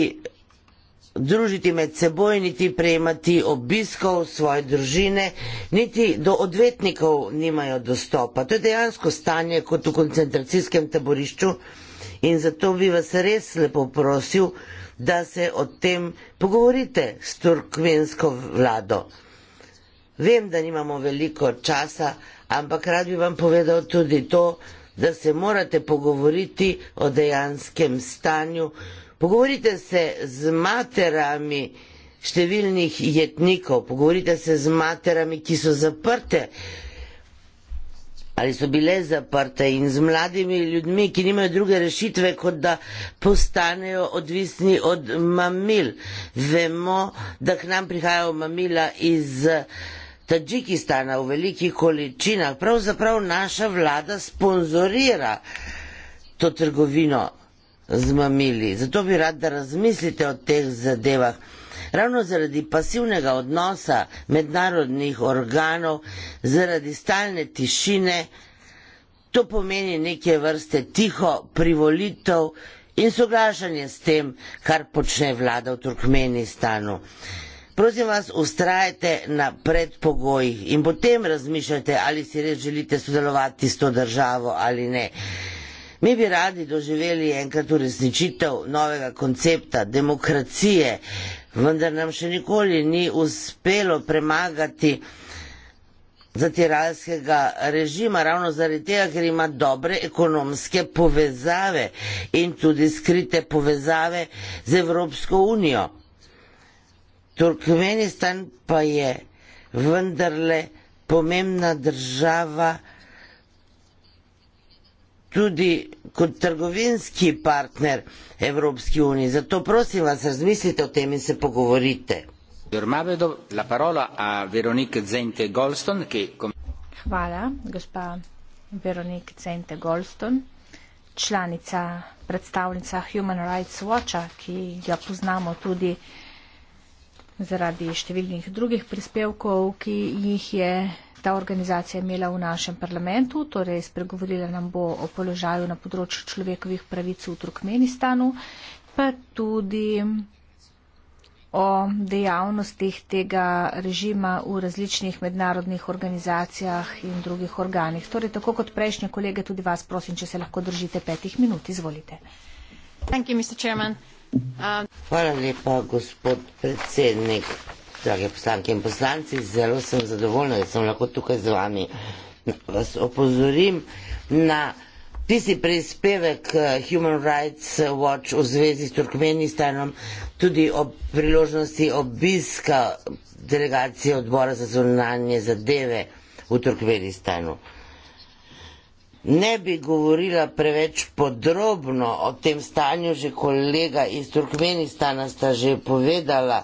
družiti med seboj, niti prejemati obiskov svoje družine, niti do odvetnikov nimajo dostopa. To je dejansko stanje kot v koncentracijskem taborišču. In zato bi vas res lepo prosil, da se o tem pogovorite s turkmensko vlado. Vem, da nimamo veliko časa, ampak rad bi vam povedal tudi to, da se morate pogovoriti o dejanskem stanju. Pogovorite se z materami številnih jetnikov, pogovorite se z materami, ki so zaprte ali so bile zaprte in z mladimi ljudmi, ki nimajo druge rešitve, kot da postanejo odvisni od mamil. Vemo, da k nam prihajajo mamila iz Tadžikistana v velikih količinah. Pravzaprav naša vlada sponzorira to trgovino z mamili. Zato bi rad, da razmislite o teh zadevah. Ravno zaradi pasivnega odnosa mednarodnih organov, zaradi stalne tišine, to pomeni neke vrste tiho privolitev in soglašanje s tem, kar počne vlada v Turkmenistanu. Prosim vas, ustrajajte na predpogojih in potem razmišljajte, ali si res želite sodelovati s to državo ali ne. Mi bi radi doživeli enkrat uresničitev novega koncepta demokracije, vendar nam še nikoli ni uspelo premagati zatiralskega režima, ravno zaradi tega, ker ima dobre ekonomske povezave in tudi skrite povezave z Evropsko unijo. Turkmenistan pa je vendarle pomembna država tudi kot trgovinski partner Evropski uniji. Zato prosim vas, razmislite o tem in se pogovorite. Hvala, gospa Veronika Zente Golston, članica predstavnica Human Rights Watcha, ki jo poznamo tudi zaradi številnih drugih prispevkov, ki jih je ta organizacija imela v našem parlamentu, torej spregovorila nam bo o položaju na področju človekovih pravic v Turkmenistanu, pa tudi o dejavnostih tega režima v različnih mednarodnih organizacijah in drugih organih. Torej, tako kot prejšnje kolege, tudi vas prosim, če se lahko držite petih minut. Izvolite. Thank you, Mr. Chairman. Um... Hvala lepa, gospod predsednik drage poslanke in poslanci, zelo sem zadovoljna, da sem lahko tukaj z vami. Vas opozorim na tisti prispevek eh, Human Rights Watch v zvezi s Turkmenistanom, tudi ob priložnosti obiska delegacije odbora za zunanje zadeve v Turkmenistanu. Ne bi govorila preveč podrobno o tem stanju, že kolega iz Turkmenistana sta že povedala,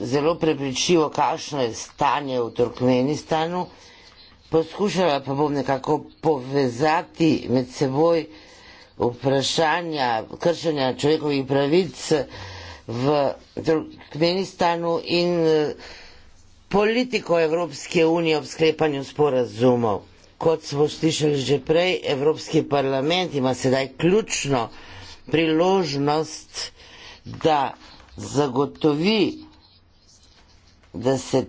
zelo prepričljivo, kakšno je stanje v Turkmenistanu. Poskušala pa bom nekako povezati med seboj vprašanja kršenja človekovih pravic v Turkmenistanu in eh, politiko Evropske unije ob sklepanju sporazumov. Kot smo slišali že prej, Evropski parlament ima sedaj ključno priložnost, da zagotovi da se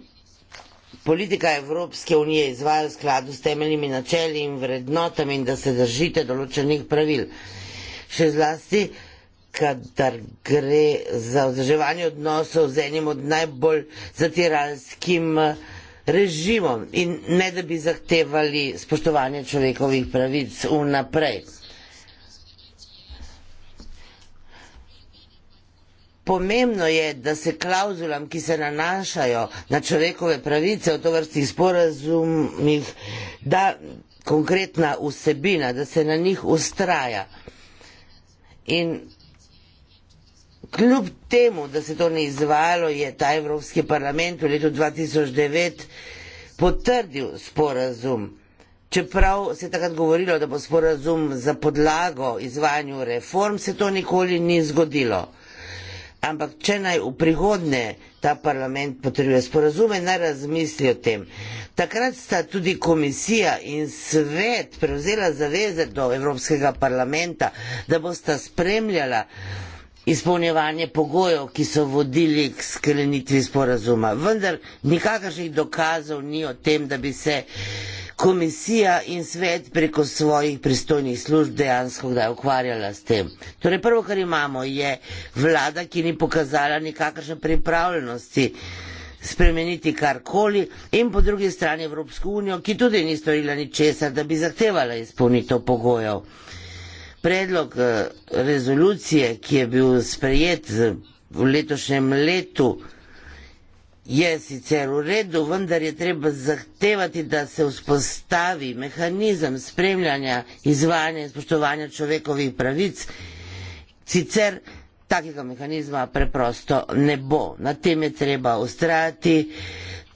politika Evropske unije izvaja v skladu s temeljnimi načeli in vrednotami in da se držite določenih pravil. Še zlasti, kadar gre za vzdrževanje odnosov z enim od najbolj zatiralskim eh, režimom in ne da bi zahtevali spoštovanje človekovih pravic vnaprej. Pomembno je, da se klauzulam, ki se nanašajo na človekove pravice v tovrstnih sporazumih, da konkretna vsebina, da se na njih ustraja. In kljub temu, da se to ni izvajalo, je ta Evropski parlament v letu 2009 potrdil sporazum. Čeprav se je takrat govorilo, da bo sporazum za podlago izvajanju reform, se to nikoli ni zgodilo ampak če naj v prihodnje ta parlament potrebuje sporazume, naj razmisli o tem. Takrat sta tudi komisija in svet prevzela zaveze do Evropskega parlamenta, da bosta spremljala izpolnjevanje pogojev, ki so vodili k sklenitvi sporazuma. Vendar nikakršnih dokazov ni o tem, da bi se komisija in svet preko svojih pristojnih služb dejansko kdaj ukvarjala s tem. Torej, prvo, kar imamo, je vlada, ki ni pokazala nikakršne pripravljenosti spremeniti karkoli in po drugi strani Evropsko unijo, ki tudi ni storila ničesar, da bi zahtevala izpolnitev pogojev predlog eh, rezolucije, ki je bil sprejet v letošnjem letu, je sicer v redu, vendar je treba zahtevati, da se vzpostavi mehanizem spremljanja izvajanja in spoštovanja človekovih pravic, sicer takega mehanizma preprosto ne bo. Na tem je treba ustrajati.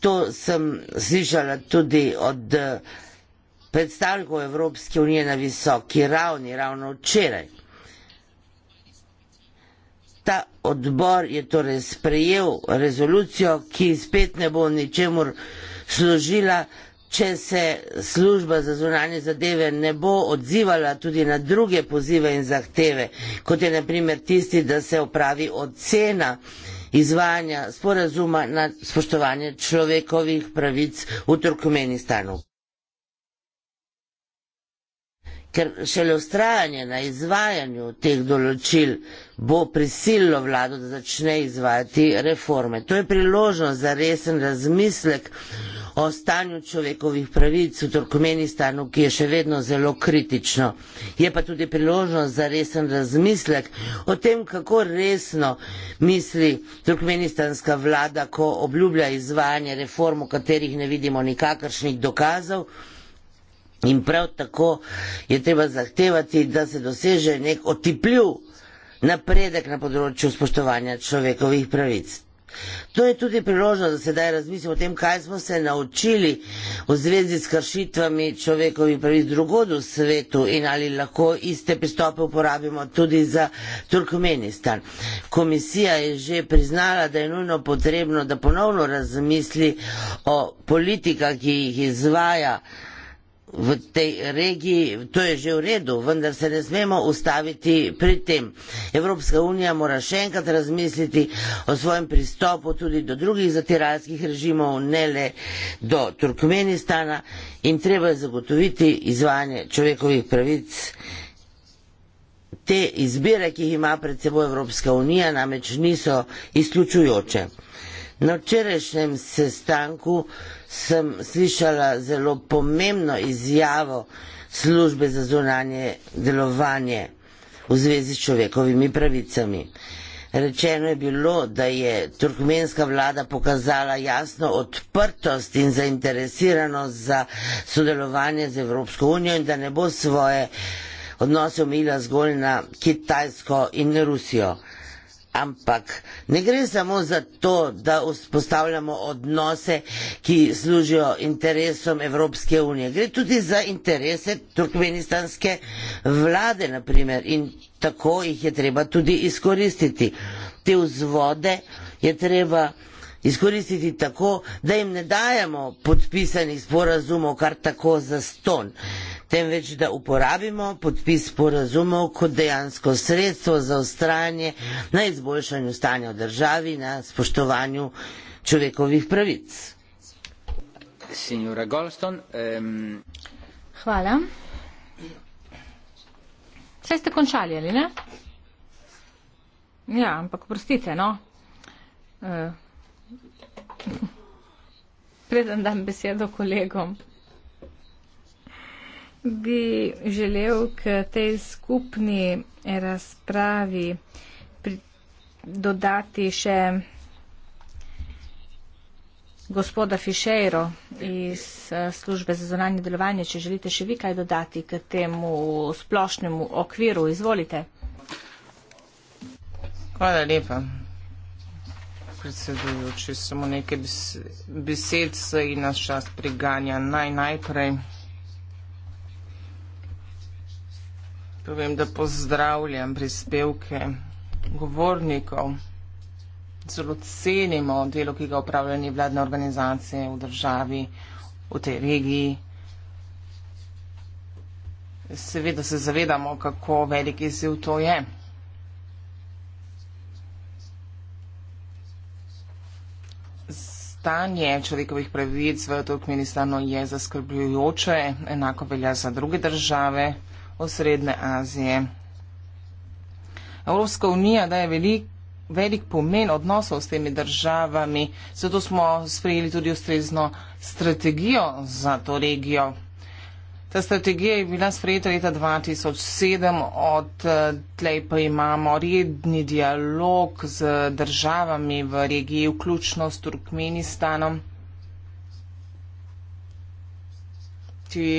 To sem slišala tudi od eh, predstavnikov Evropske unije na visoki ravni, ravno včeraj. Ta odbor je torej sprejel rezolucijo, ki spet ne bo ničemur služila, če se služba za zunanje zadeve ne bo odzivala tudi na druge pozive in zahteve, kot je naprimer tisti, da se opravi ocena izvajanja sporazuma na spoštovanje človekovih pravic v Turkmenistanu ker šele ustrajanje na izvajanju teh določil bo prisililo vlado, da začne izvajati reforme. To je priložnost za resen razmislek o stanju človekovih pravic v Turkmenistanu, ki je še vedno zelo kritično. Je pa tudi priložnost za resen razmislek o tem, kako resno misli turkmenistanska vlada, ko obljublja izvajanje reform, v katerih ne vidimo nikakršnih dokazov. In prav tako je treba zahtevati, da se doseže nek otipljiv napredek na področju spoštovanja človekovih pravic. To je tudi priložnost, da se daj razmislimo o tem, kaj smo se naučili v zvezi s kršitvami človekovih pravic drugod v svetu in ali lahko iste pristope uporabimo tudi za Turkmenistan. Komisija je že priznala, da je nujno potrebno, da ponovno razmisli o politikah, ki jih izvaja v tej regiji, to je že v redu, vendar se ne smemo ustaviti pri tem. Evropska unija mora še enkrat razmisliti o svojem pristopu tudi do drugih zatiralskih režimov, ne le do Turkmenistana in treba je zagotoviti izvajanje človekovih pravic. Te izbire, ki jih ima pred seboj Evropska unija, namreč niso izključujoče. Na včerajšnjem sestanku sem slišala zelo pomembno izjavo službe za zunanje delovanje v zvezi s človekovimi pravicami. Rečeno je bilo, da je turkmenska vlada pokazala jasno odprtost in zainteresiranost za sodelovanje z Evropsko unijo in da ne bo svoje odnose omila zgolj na Kitajsko in Rusijo ampak ne gre samo za to, da vzpostavljamo odnose, ki služijo interesom Evropske unije. Gre tudi za interese turkmenistanske vlade, naprimer, in tako jih je treba tudi izkoristiti. Te vzvode je treba izkoristiti tako, da jim ne dajemo podpisanih sporazumov kar tako za ston temveč da uporabimo podpis porazumov kot dejansko sredstvo za ustrajanje na izboljšanju stanja v državi in na spoštovanju človekovih pravic. Signora Golston. Um... Ehm, Hvala. Vse ste končali, ali ne? Ja, ampak prostite, no. Eh, uh, (laughs) predem dam besedo kolegom bi želel k tej skupni razpravi dodati še gospoda Fišejro iz eh, službe za zonanje delovanje. Če želite še vi kaj dodati k temu splošnemu okviru, izvolite. Hvala lepa. Predsedujoči, samo nekaj besed se in naš čas priganja. Naj najprej. Povem, da pozdravljam prispevke govornikov. Zelo cenimo delo, ki ga upravljajo vladne organizacije v državi, v tej regiji. Seveda se zavedamo, kako velik izziv to je. Stanje človekovih pravic v Turkmenistanu je zaskrbljujoče, enako velja za druge države osrednje Azije. Evropska unija daje velik, velik pomen odnosov s temi državami, zato smo sprejeli tudi ustrezno strategijo za to regijo. Ta strategija je bila sprejeta leta 2007, od eh, tlej pa imamo redni dialog z državami v regiji, vključno s Turkmenistanom. Ti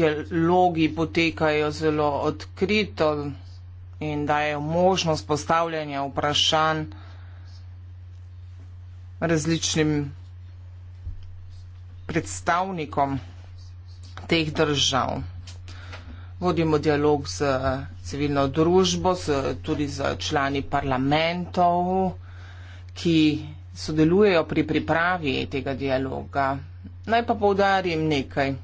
dialogi potekajo zelo odkrito in dajo možnost postavljanja vprašanj različnim predstavnikom teh držav. Vodimo dialog z civilno družbo, z, tudi z člani parlamentov, ki sodelujejo pri pripravi tega dialoga. Naj pa povdarim nekaj.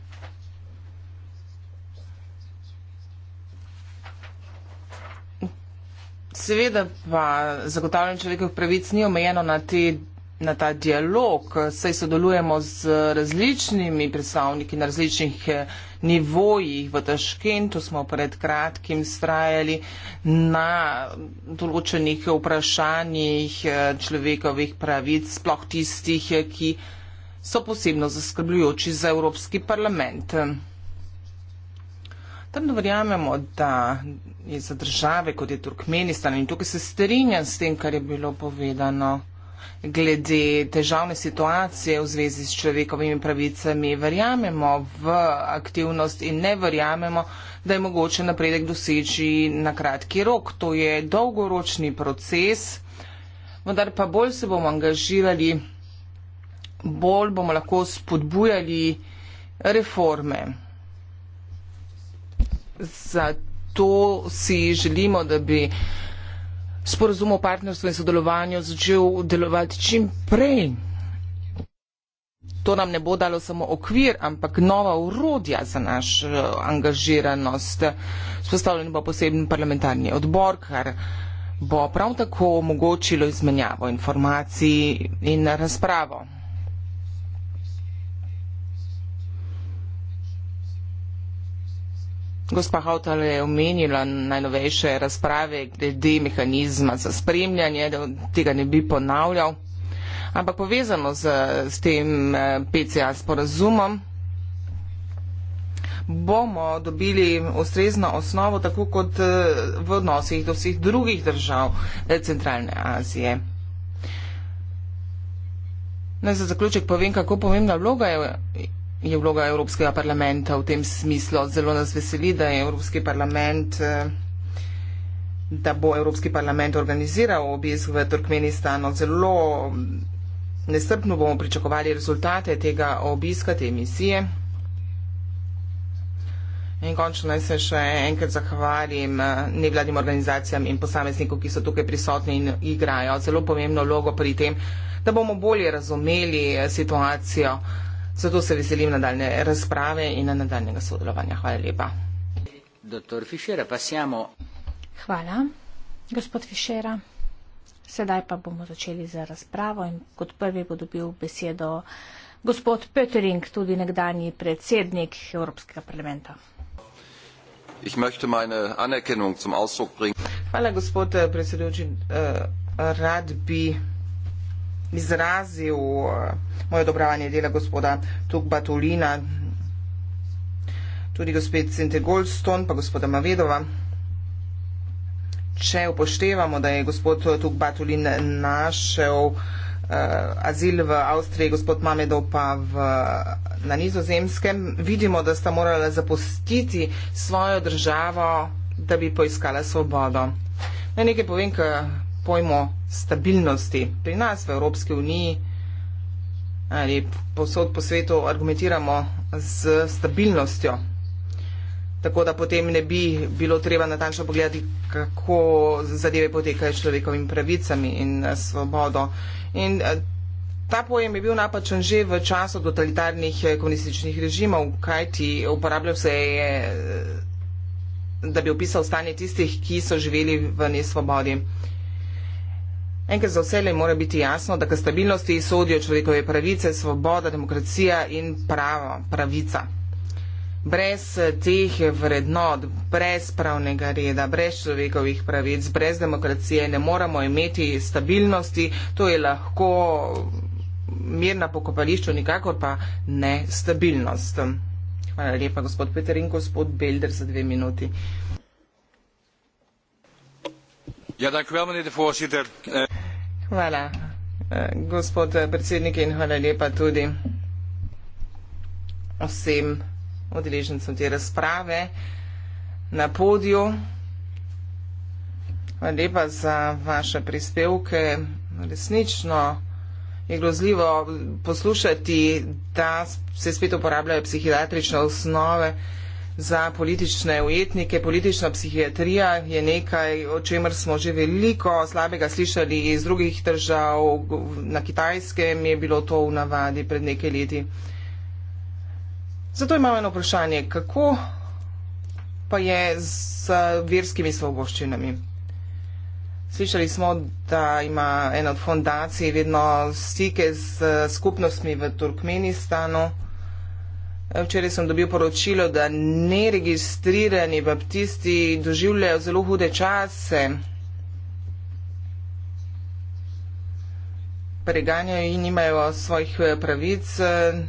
Seveda pa zagotavljanje človekovih pravic ni omejeno na, te, na ta dialog. Saj sodelujemo z različnimi predstavniki na različnih eh, nivojih. V Taškentu smo pred kratkim strajali na določenih vprašanjih eh, človekovih pravic, sploh tistih, eh, ki so posebno zaskrbljujoči za Evropski parlament tam verjamemo, da je za države, kot je Turkmenistan, in tukaj se strinjam s tem, kar je bilo povedano glede težavne situacije v zvezi s človekovimi pravicami, verjamemo v aktivnost in ne verjamemo, da je mogoče napredek doseči na kratki rok. To je dolgoročni proces, vendar pa bolj se bomo angažirali, bolj bomo lahko spodbujali reforme. Zato si želimo, da bi sporozum o partnerstvu in sodelovanju začel delovati čim prej. To nam ne bo dalo samo okvir, ampak nova urodja za naš eh, angažiranost. Spostavljen bo poseben parlamentarni odbor, kar bo prav tako omogočilo izmenjavo informacij in razpravo. Gospa Hautal je omenila najnovejše razprave glede mehanizma za spremljanje, da tega ne bi ponavljal. Ampak povezano z, z tem eh, PCA sporazumom bomo dobili ustrezno osnovo, tako kot eh, v odnosih do vseh drugih držav eh, Centralne Azije. Naj za zaključek povem, kako pomembna vloga je je vloga Evropskega parlamenta v tem smislu. Zelo nas veseli, da je Evropski parlament eh, da bo Evropski parlament organiziral obisk v Turkmenistanu. Zelo nestrpno bomo pričakovali rezultate tega obiska, te misije. In končno naj se še enkrat zahvalim eh, nevladnim organizacijam in posameznikom, ki so tukaj prisotni in igrajo zelo pomembno vlogo pri tem, da bomo bolje razumeli eh, situacijo. Zato se veselim nadaljne razprave in na nadaljnega sodelovanja. Hvala lepa. Doktor Fišera, pa sjamo. Hvala, gospod Fišera. Sedaj pa bomo začeli z za razpravo in kot prvi bo dobil besedo gospod Petering, tudi nekdani predsednik Evropskega parlamenta. Ich möchte meine Anerkennung zum Ausdruck bringen. Hvala, gospod eh, predsedujoči. Eh, rad bi izrazil eh, moje odobravanje dela gospoda Tukbatulina, tudi gospod Cinti Goldstone, pa gospoda Mavedova. Če upoštevamo, da je gospod Tukbatulin našel Uh, azil v Avstriji, gospod Mamedov pa v, na nizozemskem, vidimo, da sta morala zapustiti svojo državo, da bi poiskala svobodo. Naj nekaj povem, ker pojmo stabilnosti. Pri nas v Evropski uniji ali posod po svetu argumentiramo z stabilnostjo. Tako da potem ne bi bilo treba natančno pogledati, kako zadeve potekajo človekovimi pravicami in eh, svobodo. In eh, ta pojem je bil napačen že v času totalitarnih eh, komunističnih režimov, kajti uporabljal se je, da bi opisal stanje tistih, ki so živeli v nesvobodi. Enkrat za vse le mora biti jasno, da k stabilnosti sodijo človekove pravice, svoboda, demokracija in pravo, pravica. Brez eh, teh vrednot, brez pravnega reda, brez človekovih pravic, brez demokracije ne moremo imeti stabilnosti, to je lahko mir na pokopališču, nikakor pa ne stabilnost. Hvala lepa, gospod Peter in gospod Belder, za dve minuti. Ja, Hvala, eh, gospod predsednik in hvala lepa tudi vsem odeležencem te razprave na podiju. Hvala lepa za vaše prispevke. Resnično je grozljivo poslušati, da se spet uporabljajo psihiatrične osnove, za politične ujetnike. Politična psihijatrija je nekaj, o čemer smo že veliko slabega slišali iz drugih držav. Na kitajskem je bilo to v navadi pred nekaj leti. Zato imam eno vprašanje, kako pa je z verskimi svoboščinami? Slišali smo, da ima ena od fondacij vedno stike z skupnostmi v Turkmenistanu. Včeraj sem dobil poročilo, da neregistrirani baptisti doživljajo zelo hude čase. Preganjajo in imajo svojih eh, pravic. Eh,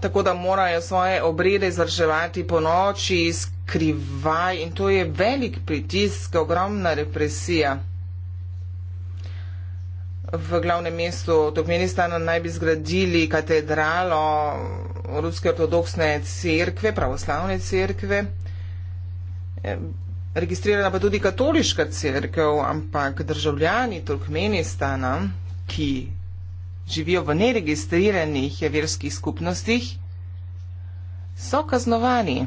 tako da morajo svoje obrede izvrševati po noči, skrivaj in to je velik pritisk, ogromna represija v glavnem mestu Turkmenistana naj bi zgradili katedralo Ruske ortodoksne cerkve, pravoslavne cerkve. E, registrirana pa tudi katoliška cerkev, ampak državljani Turkmenistana, ki živijo v neregistriranih verskih skupnostih, so kaznovani.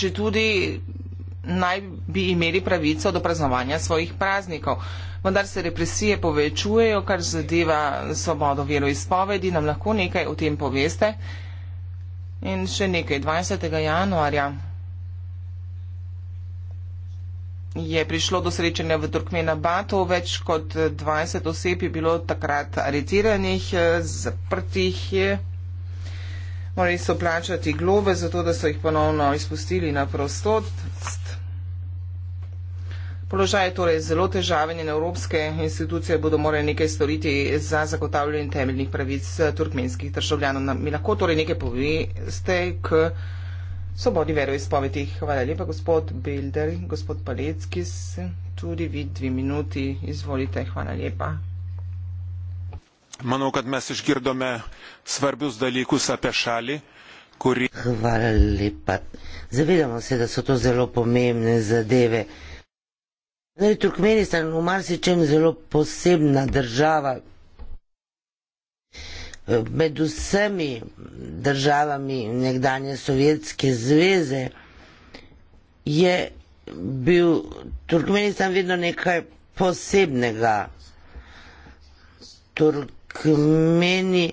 če tudi naj bi imeli pravico do praznovanja svojih praznikov. Vendar se represije povečujejo, kar zadeva svobodo veroizpovedi. Nam lahko nekaj o tem poveste? In še nekaj. 20. januarja je prišlo do srečanja v Turkmena Bato. Več kot 20 oseb je bilo takrat areteranih, zaprtih. Je. Morali so plačati globe, zato da so jih ponovno izpustili na prostost. Položaj je torej zelo težaven in evropske institucije bodo morali nekaj storiti za zagotavljanje temeljnih pravic eh, turkmenskih državljanov. Mi lahko torej nekaj poveste k svobodi veroizpovedi. Hvala lepa, gospod Bilder, gospod Palecki, tudi vi dve minuti, izvolite, hvala lepa manau kad mes išgirdome svarbius dalykus apie šalį, kuri. Hvala lepa. Zavedamo se, da so to zelo pomembne zadeve. Zdaj, Turkmenistan je v marsičem zelo posebna država. Med vsemi državami nekdanje Sovjetske zveze je bil Turkmenistan vedno nekaj posebnega. Turk k meni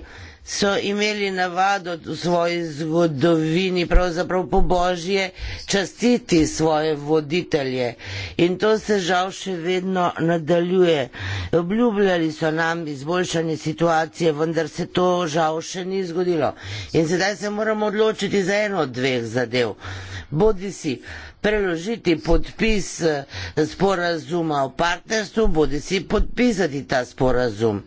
so imeli navado v svoji zgodovini, pravzaprav po božje, častiti svoje voditelje. In to se žal še vedno nadaljuje. Obljubljali so nam izboljšanje situacije, vendar se to žal še ni zgodilo. In sedaj se moramo odločiti za eno od dveh zadev. Bodi si preložiti podpis eh, sporazuma o partnerstvu, bodi si podpisati ta sporazum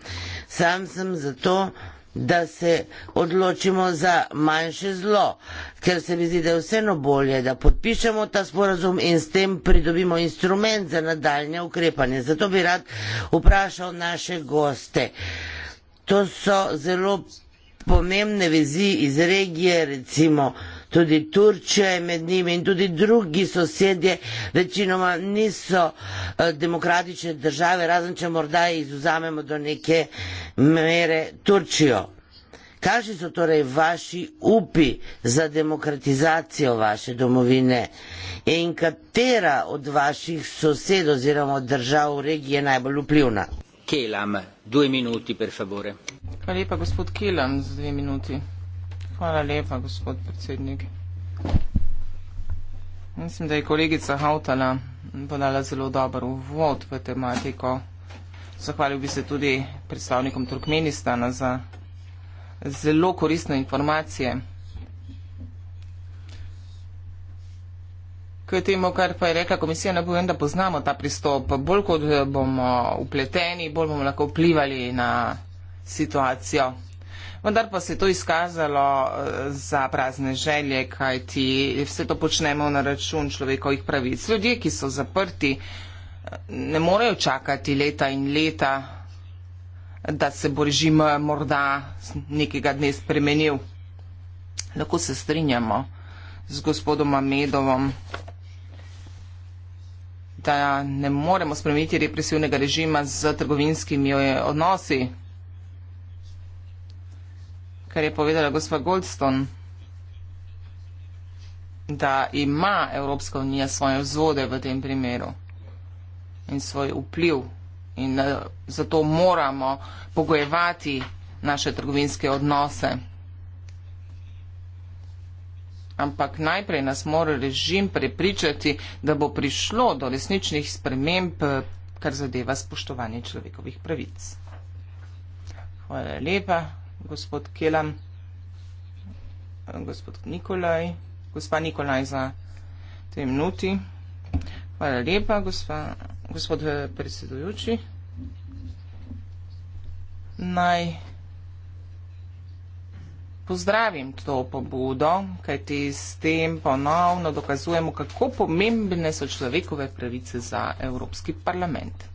sam sem zato, da se odločimo za manjše zlo, ker se mi zdi, da je vseeno bolje, da podpišemo ta sporazum in s tem pridobimo instrument za nadaljne ukrepanje. Zato bi rad vprašal naše goste. To so zelo pomembne vizi iz regije, recimo tudi Turčija je med njimi in tudi drugi sosedje, večinoma niso eh, demokratične države, razen če morda izuzamemo do neke mere Turčijo. Kaj so torej vaši upi za demokratizacijo vaše domovine in katera od vaših sosedov oziroma držav v regiji je najbolj vplivna? Kelam, dve minuti, prosim. Hvala lepa, gospod Kelam, za dve minuti. Hvala lepa, gospod predsednik. Mislim, da je kolegica Hautala podala zelo dober uvod v tematiko. Zahvalil bi se tudi predstavnikom Turkmenistana za zelo koristne informacije. K temu, kar pa je rekla komisija, ne bojem, da poznamo ta pristop. Bolj kot bomo upleteni, bolj bomo lahko vplivali na situacijo vendar pa se je to izkazalo eh, za prazne želje, kajti vse to počnemo na račun človekovih pravic. Ljudje, ki so zaprti, ne morejo čakati leta in leta, da se bo režim eh, morda nekega dne spremenil. Lahko se strinjamo z gospodom Amedovom da ne moremo spremeniti represivnega režima z trgovinskimi eh, odnosi, kar je povedala gospa Goldstone, da ima Evropska unija svoje vzvode v tem primeru in svoj vpliv in da eh, zato moramo pogojevati naše trgovinske odnose. Ampak najprej nas mora režim prepričati, da bo prišlo do resničnih sprememb, kar zadeva spoštovanje človekovih pravic. Hvala lepa gospod Kelam, gospod Nikolaj, gospa Nikolaj za te minuti. Hvala lepa, gospa, gospod eh, predsedujoči. Naj pozdravim to pobudo, kajti s tem ponovno dokazujemo, kako pomembne so človekove pravice za Evropski parlament.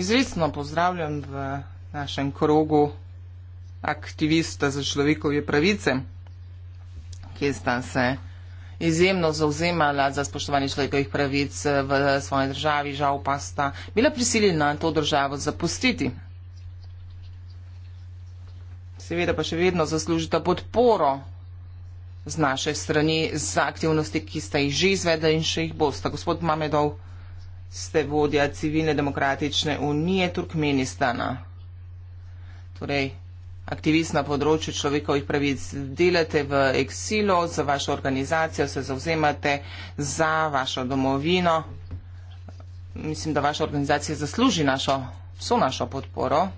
Izredno pozdravljam v našem krogu aktivista za človekove pravice, ki sta se izjemno zauzemala za spoštovanje človekovih pravic v svoji državi, žal pa sta bila prisiljena to državo zapustiti. Seveda pa še vedno zaslužita podporo z naše strani za aktivnosti, ki sta jih že izvedla in še jih bosta. Gospod Mamedov ste vodja civilne demokratične unije Turkmenistana. Torej, aktivist na področju človekovih pravic, delate v eksilu, za vašo organizacijo se zauzemate, za vašo domovino. Mislim, da vaša organizacija zasluži našo, vso našo podporo.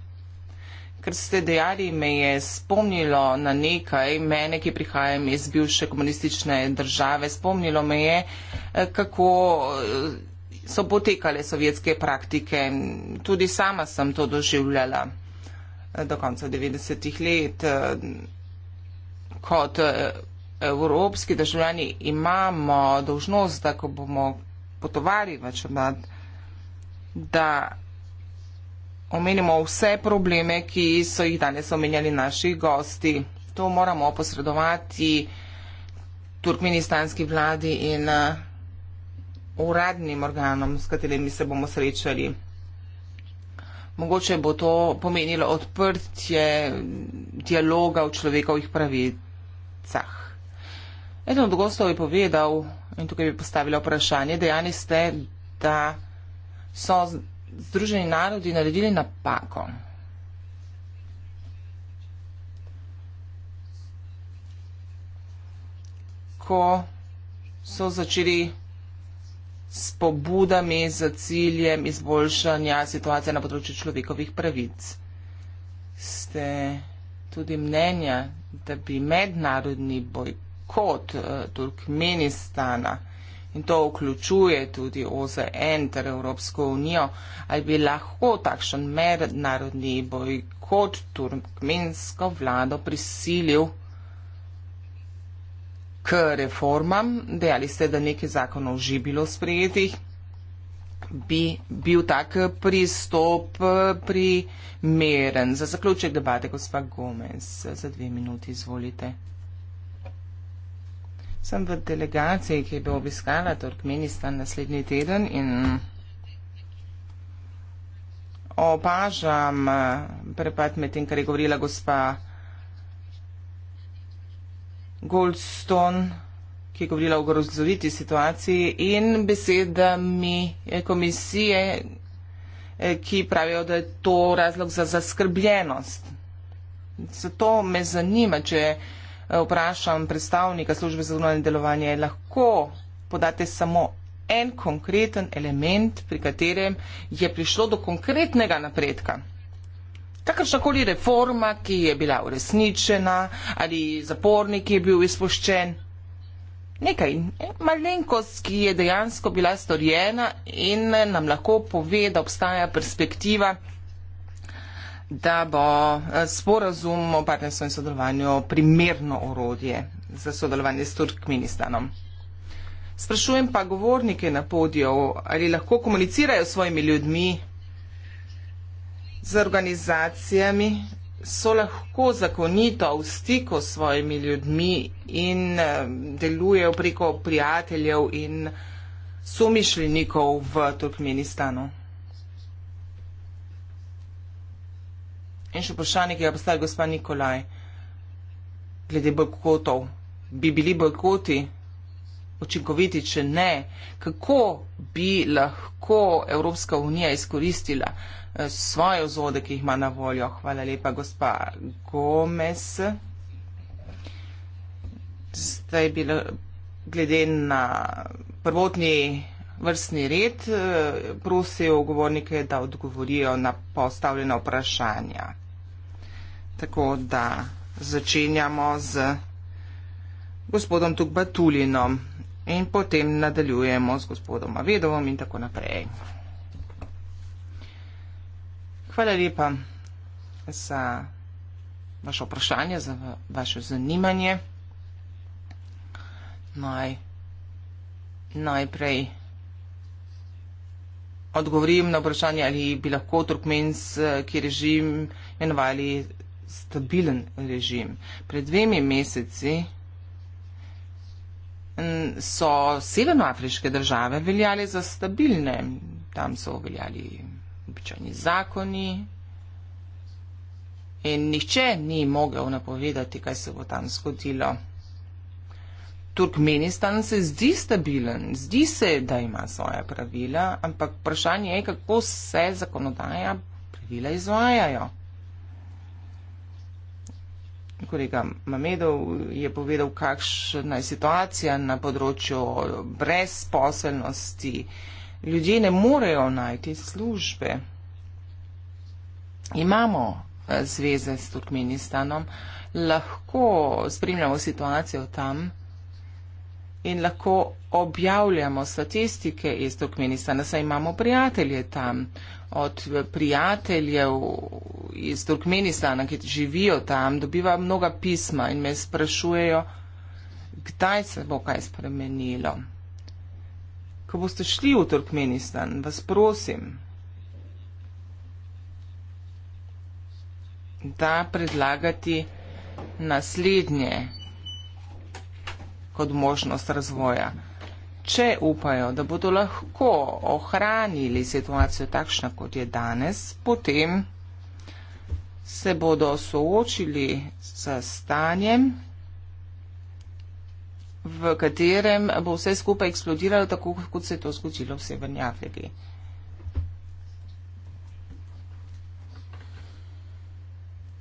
Ker ste dejali, me je spomnilo na nekaj, mene, ki prihajam iz bivše komunistične države, spomnilo me je, eh, kako eh, so potekale sovjetske praktike. Tudi sama sem to doživljala eh, do konca 90-ih let. Eh, kot eh, evropski državljani imamo dožnost, da ko bomo potovali v čemad, da omenimo vse probleme, ki so jih danes omenjali naši gosti. To moramo posredovati turkmenistanski vladi in uh, uradnim organom, s katerimi se bomo srečali. Mogoče bo to pomenilo odprtje dialoga o človekovih pravicah. Eden od gostov je povedal, in tukaj bi postavila vprašanje, dejani ste, da so Združeni narodi naredili napako. Ko so začeli s pobudami za ciljem izboljšanja situacije na področju človekovih pravic. Ste tudi mnenja, da bi mednarodni bojkot eh, Turkmenistana in to vključuje tudi OZN ter Evropsko unijo, ali bi lahko takšen mednarodni bojkot turkmensko vlado prisilil k reformam. Dejali ste, da nekaj zakonov že bilo sprejetih. Bi bil tak pristop primeren? Za zaključek debate, gospa Gomez, za dve minuti izvolite. Sem v delegaciji, ki bi obiskala Turkmenistan naslednji teden in opažam prepad med tem, kar je govorila gospa. Goldstone, ki je govorila o grozoviti situaciji in besedami eh, komisije, eh, ki pravijo, da je to razlog za zaskrbljenost. Zato me zanima, če eh, vprašam predstavnika službe za zunanje delovanje, lahko podate samo en konkreten element, pri katerem je prišlo do konkretnega napredka. Kakršnakoli reforma, ki je bila uresničena ali zapornik, ki je bil izpuščen, nekaj e, malenkost, ki je dejansko bila storjena in nam lahko pove, da obstaja perspektiva, da bo e, sporazum o partnerstvu in sodelovanju primerno orodje za sodelovanje s Turkmenistanom. Sprašujem pa govornike na podijo, ali lahko komunicirajo s svojimi ljudmi z organizacijami, so lahko zakonito v stiku s svojimi ljudmi in eh, delujejo preko prijateljev in sumišljenikov v Turkmenistanu. In še vprašanje, ki ga postavlja gospod Nikolaj, glede bojkotov. Bi bili bojkoti učinkoviti, če ne? Kako bi lahko Evropska unija izkoristila? Eh, svoje vzvode, ki jih ima na voljo. Hvala lepa, gospa Gomez. Zdaj bilo glede na prvotni vrstni red, eh, prosil govornike, da odgovorijo na postavljena vprašanja. Tako da začenjamo z gospodom Tukbatulinom in potem nadaljujemo z gospodom Avedovom in tako naprej. Hvala lepa za vaše vprašanje, za vaše zanimanje. Naj najprej odgovorim na vprašanje, ali bi lahko turkmenski režim imenovali stabilen režim. Pred dvemi meseci so severnoafriške države veljali za stabilne. Tam so veljali običajni zakoni. In nihče ni mogel napovedati, kaj se bo tam zgodilo. Turkmenistan se zdi stabilen, zdi se, da ima svoje pravila, ampak vprašanje je, kako se zakonodaja pravila izvajajo. Kolega Mamedov je povedal, kakšna je situacija na področju brezposelnosti. Uh, ljudje ne morejo najti službe. Imamo eh, zveze s Turkmenistanom, lahko spremljamo situacijo tam in lahko objavljamo statistike iz Turkmenistana, saj imamo prijatelje tam. Od eh, prijateljev iz Turkmenistana, ki živijo tam, dobiva mnoga pisma in me sprašujejo, kdaj se bo kaj spremenilo ko boste šli v Turkmenistan, vas prosim, da predlagati naslednje kot možnost razvoja. Če upajo, da bodo lahko ohranili situacijo takšna, kot je danes, potem se bodo soočili s stanjem v katerem bo vse skupaj eksplodiralo, tako kot se je to zgodilo v Severni Afriki.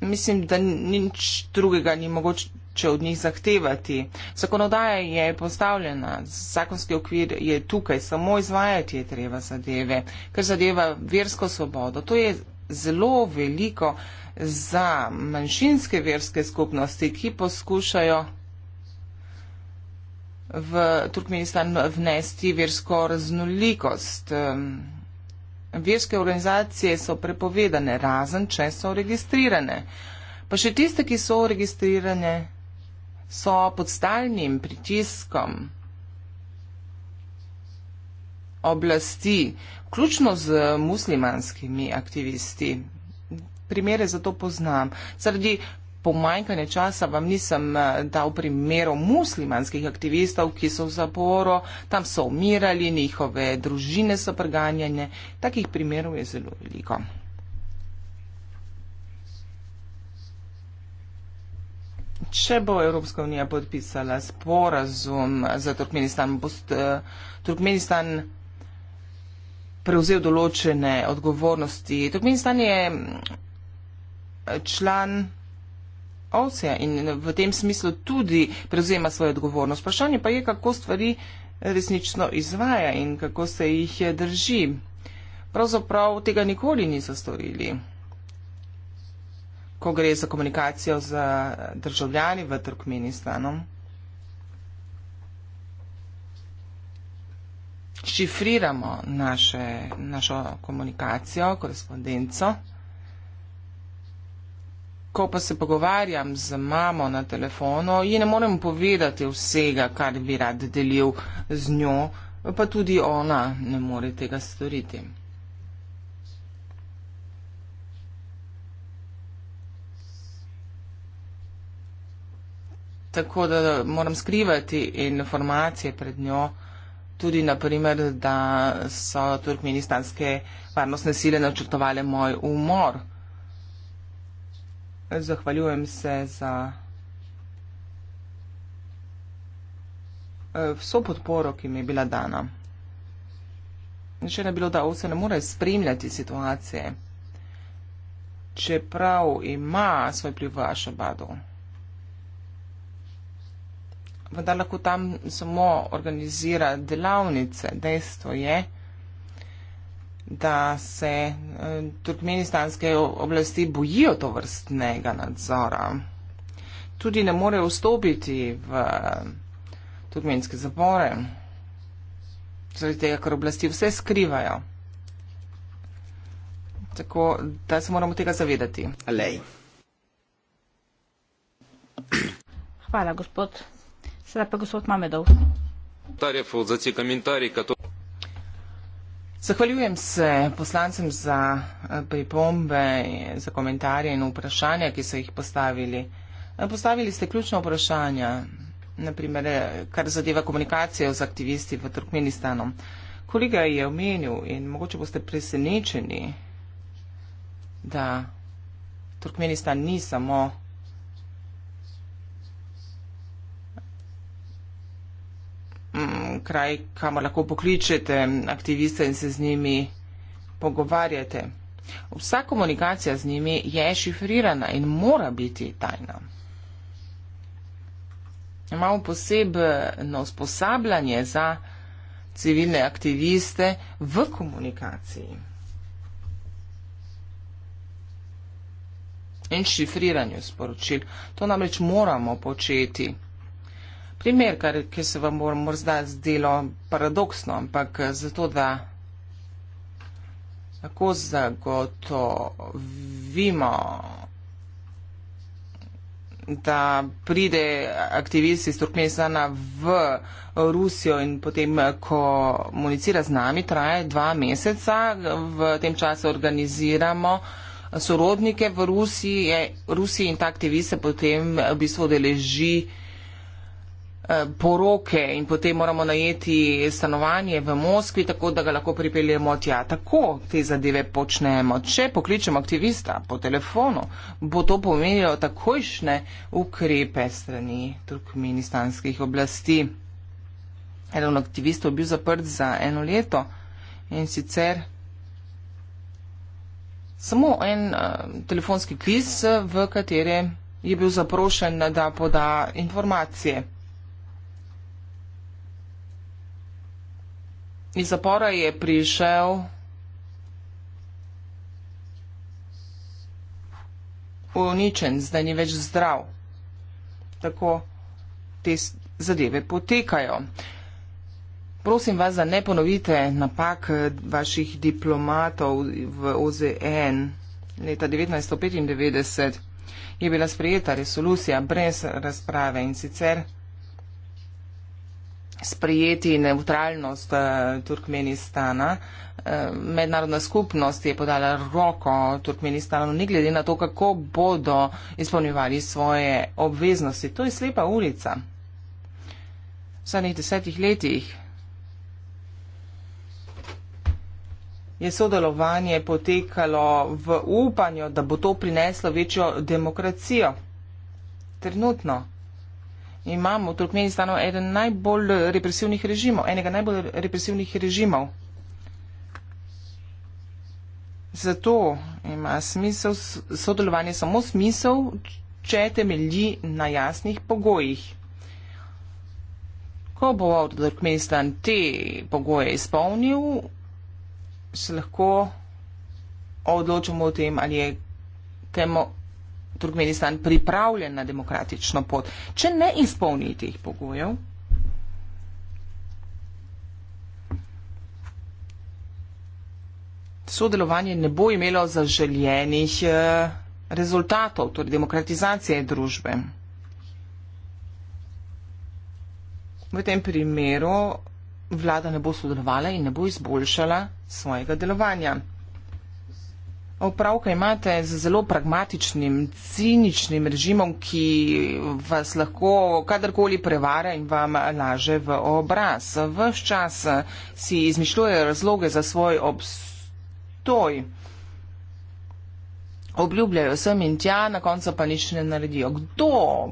Mislim, da nič drugega ni mogoče od njih zahtevati. Zakonodaja je postavljena, zakonski okvir je tukaj, samo izvajati je treba zadeve, ker zadeva versko svobodo. To je zelo veliko za manjšinske verske skupnosti, ki poskušajo v Turkmenistan vnesti versko raznolikost. Verske organizacije so prepovedane, razen če so registrirane. Pa še tiste, ki so registrirane, so pod stalnim pritiskom oblasti, vključno z muslimanskimi aktivisti. Primere za to poznam. Zaradi pomanjkanje časa vam nisem eh, dal primero muslimanskih aktivistov, ki so v zaporu, tam so umirali, njihove družine so preganjene. Takih primerov je zelo veliko. Če bo Evropska unija podpisala sporazum za Turkmenistan, bo eh, Turkmenistan prevzel določene odgovornosti. Turkmenistan je mm, član ovce in v tem smislu tudi prevzema svojo odgovornost. Vprašanje pa je, kako stvari resnično izvaja in kako se jih drži. Pravzaprav tega nikoli niso storili. Ko gre za komunikacijo z državljani v Turkmenistanu. Šifriramo naše, našo komunikacijo, korespondenco ko pa se pogovarjam z mamo na telefonu, ji ne morem povedati vsega, kar bi rad delil z njo, pa tudi ona ne more tega storiti. Tako da moram skrivati informacije pred njo, tudi naprimer, da so turkmenistanske varnostne sile načrtovali moj umor zahvaljujem se za eh, vso podporo, ki mi je bila dana. Še ne bilo, da ovce ne more spremljati situacije, čeprav ima svoj pliv v Ašabadu. Vendar lahko tam samo organizira delavnice. Dejstvo je, da se eh, turkmenistanske oblasti bojijo to vrstnega nadzora. Tudi ne morejo vstopiti v eh, turkmenske zapore, zaradi tega, ker oblasti vse skrivajo. Tako da se moramo tega zavedati. Alej. Hvala, gospod. Sedaj pa gospod Mamedov. Tarjefu za te komentarje, kot. Zahvaljujem se poslancem za eh, pripombe, za komentarje in vprašanja, ki so jih postavili. Eh, postavili ste ključna vprašanja, naprimer, eh, kar zadeva komunikacijo z aktivisti v Turkmenistanu. Kolega je omenil in mogoče boste presenečeni, da Turkmenistan ni samo Mm, kraj, kamor lahko pokličete aktiviste in se z njimi pogovarjate. Vsa komunikacija z njimi je šifrirana in mora biti tajna. Imamo posebno usposabljanje za civilne aktiviste v komunikaciji in šifriranju sporočil. To namreč moramo početi primer, kar, ki se vam bo morda zdelo paradoksno, ampak zato, da lahko zagotovimo, da pride aktivist iz Turkmenistana v Rusijo in potem komunicira z nami, traja dva meseca, v tem času organiziramo sorodnike v Rusiji, Rusiji in ta aktivist se potem v bistvu deleži Eh, poroke in potem moramo najeti stanovanje v Moskvi, tako da ga lahko pripeljemo tja. Tako te zadeve počnemo. Če pokličemo aktivista po telefonu, bo to pomenilo takojšne ukrepe strani turkmenistanskih oblasti. Eden aktivistov je bil zaprt za eno leto in sicer samo en uh, telefonski klic, v katerem je bil zaprošen, da poda informacije. iz zapora je prišel uničen, zdaj ni več zdrav. Tako te zadeve potekajo. Prosim vas, da ne ponovite napak eh, vaših diplomatov v OZN. Leta 1995 je bila sprejeta resolucija brez razprave in sicer sprejeti neutralnost eh, Turkmenistana. Eh, mednarodna skupnost je podala roko Turkmenistanu, ne glede na to, kako bodo izpolnjevali svoje obveznosti. To je slepa ulica. V zadnjih desetih letih je sodelovanje potekalo v upanju, da bo to prineslo večjo demokracijo. Trenutno imamo v Turkmenistanu eden najbolj represivnih režimov, enega najbolj represivnih režimov. Zato ima smisel sodelovanje samo smisel, če temelji na jasnih pogojih. Ko bo Turkmenistan te pogoje izpolnil, se lahko odločimo o tem, ali je temo Turkmenistan pripravljen na demokratično pot, če ne izpolni teh pogojev? Sodelovanje ne bo imelo zaželjenih eh, rezultatov, torej demokratizacije družbe. V tem primeru vlada ne bo sodelovala in ne bo izboljšala svojega delovanja. Opravka imate z zelo pragmatičnim, ciničnim režimom, ki vas lahko kadarkoli prevara in vam laže v obraz. Ves čas si izmišljuje razloge za svoj obstoj. Obljubljajo sem in tja, na koncu pa nič ne naredijo. Kdo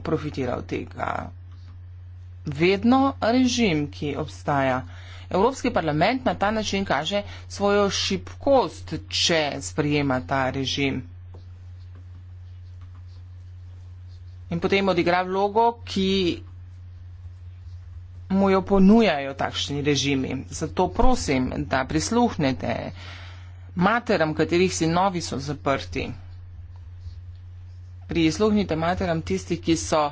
profitira od tega? vedno režim, ki obstaja. Evropski parlament na ta način kaže svojo šibkost, če sprijema ta režim. In potem odigra vlogo, ki mu jo ponujajo takšni režimi. Zato prosim, da prisluhnete materam, katerih sinovi so zaprti. Prisluhnite materam tistih, ki so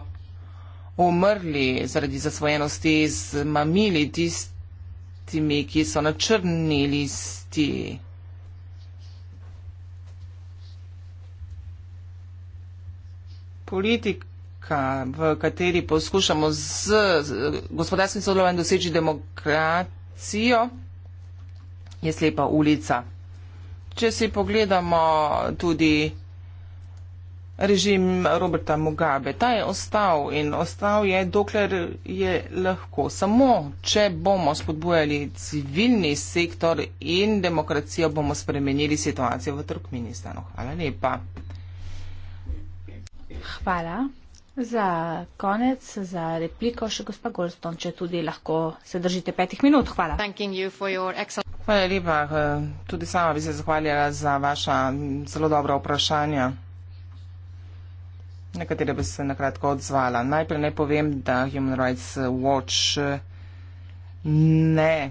umrli zaradi zasvojenosti z mamili, tistimi, ki so na črni listi. Politika, v kateri poskušamo z gospodarskim sodelovanjem doseči demokracijo, je slepa ulica. Če si pogledamo tudi režim Roberta Mugabe. Ta je ostal in ostal je, dokler je lahko. Samo, če bomo spodbujali civilni sektor in demokracijo, bomo spremenili situacijo v Turkmenistanu. Hvala lepa. Hvala. Za konec, za repliko še gospa Golston, če tudi lahko se držite petih minut. Hvala. Hvala lepa. Tudi sama bi se zahvalila za vaša zelo dobra vprašanja na katere bi se nakratko odzvala. Najprej naj povem, da Human Rights Watch eh, ne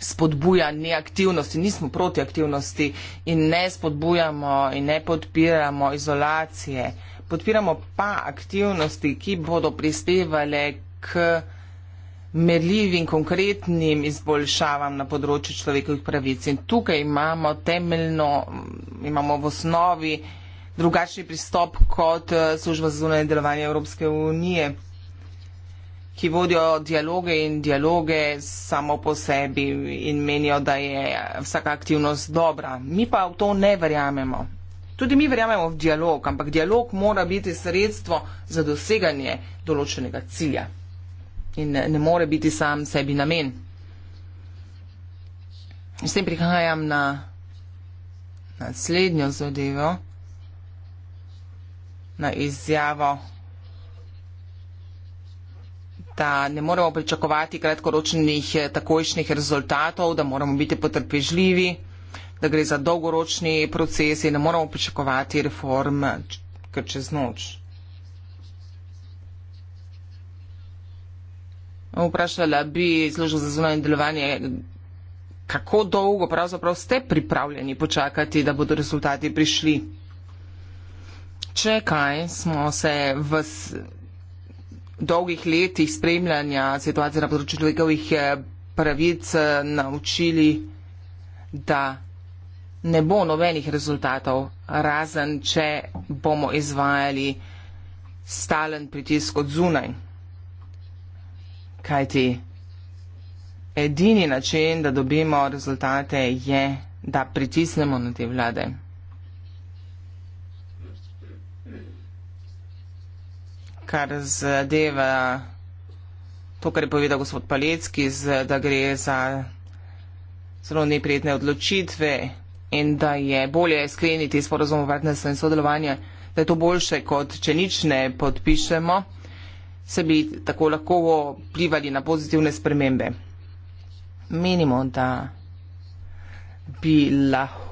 spodbuja neaktivnosti, nismo proti aktivnosti in ne spodbujamo in ne podpiramo izolacije. Podpiramo pa aktivnosti, ki bodo prispevale k merljivim, konkretnim izboljšavam na področju človekovih pravic. In tukaj imamo temeljno, imamo v osnovi uh, drugačen pristop kot eh, služba za zunanje delovanje Evropske unije, ki vodijo dialoge in dialoge samo po sebi in menijo, da je vsaka aktivnost dobra. Mi pa v to ne verjamemo. Tudi mi verjamemo v dialog, ampak dialog mora biti sredstvo za doseganje določenega cilja in ne, ne more biti sam sebi namen. S tem prihajam na naslednjo zadevo na izjavo, da ne moremo pričakovati kratkoročnih eh, takojšnjih rezultatov, da moramo biti potrpežljivi, da gre za dolgoročni proces in ne moremo pričakovati reform kar čez noč. Vprašala bi služba za zunanje delovanje, kako dolgo pravzaprav ste pripravljeni počakati, da bodo rezultati prišli. Če kaj smo se v dolgih letih spremljanja situacije na področju človekovih eh, pravic eh, naučili, da ne bo nobenih rezultatov, razen če bomo izvajali stalen pritisk od zunaj. Kajti edini način, da dobimo rezultate, je, da pritisnemo na te vlade. kar zadeva to, kar je povedal gospod Palecki, da gre za zelo neprijetne odločitve in da je bolje skleniti sporozum o partnerstvu in sodelovanju, da je to boljše, kot če nič ne podpišemo, se bi tako lahko vplivali na pozitivne spremembe. Menimo, da bi lahko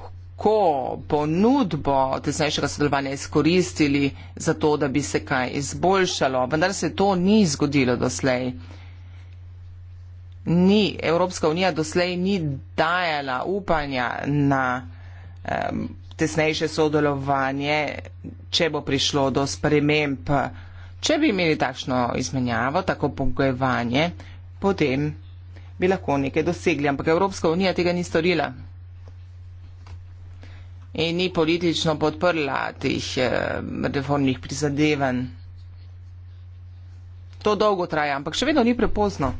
lahko ponudbo tesnejšega sodelovanja izkoristili za to, da bi se kaj izboljšalo. Vendar se to ni zgodilo doslej. Ni, Evropska unija doslej ni dajala upanja na um, tesnejše sodelovanje, če bo prišlo do sprememb. Če bi imeli takšno izmenjavo, tako pogojevanje, potem bi lahko nekaj dosegli, ampak Evropska unija tega ni storila in ni politično podprla tih eh, reformnih prizadevanj. To dolgo traja, ampak še vedno ni prepozno.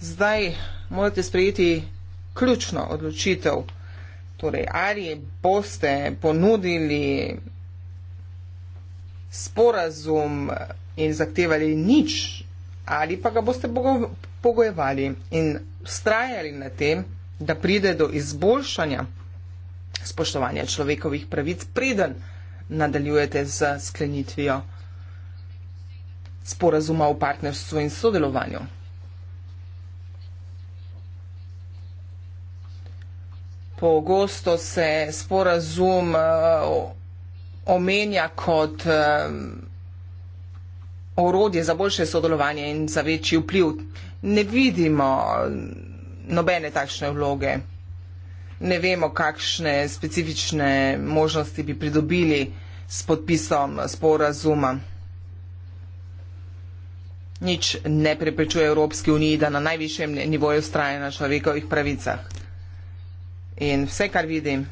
Zdaj morate sprejeti ključno odločitev, torej ali boste ponudili sporazum in zahtevali nič ali pa ga boste pogojevali in ustrajali na tem, da pride do izboljšanja spoštovanja človekovih pravic, preden nadaljujete z sklenitvijo sporazuma o partnerstvu in sodelovanju. Pogosto se sporazum uh, omenja kot uh, orodje za boljše sodelovanje in za večji vpliv. Ne vidimo eh, nobene takšne vloge ne vemo, kakšne specifične možnosti bi pridobili s podpisom sporazuma. Nič ne preprečuje Evropski uniji, da na najvišjem nivoju ustraja na človekovih pravicah. In vse, kar vidim,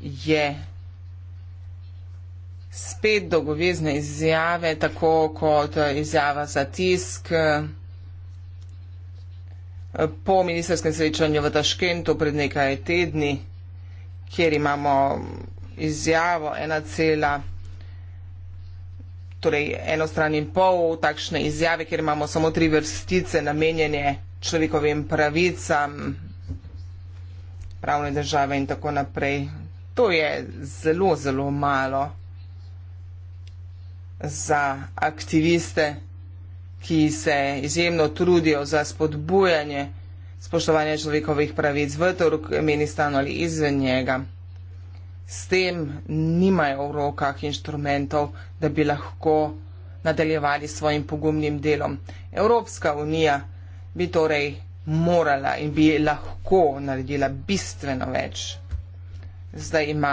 je spet dogovezne izjave, tako kot izjava za tisk po ministerskem srečanju v Taškentu pred nekaj tedni, kjer imamo izjavo 1,5, torej eno stran in pol takšne izjave, kjer imamo samo tri vrstice namenjene človekovim pravicam, pravne države in tako naprej. To je zelo, zelo malo za aktiviste ki se izjemno trudijo za spodbujanje spoštovanja človekovih pravic v Turkmenistanu ali izven njega. S tem nimajo v rokah inštrumentov, da bi lahko nadaljevali s svojim pogumnim delom. Evropska unija bi torej morala in bi lahko naredila bistveno več. Zdaj ima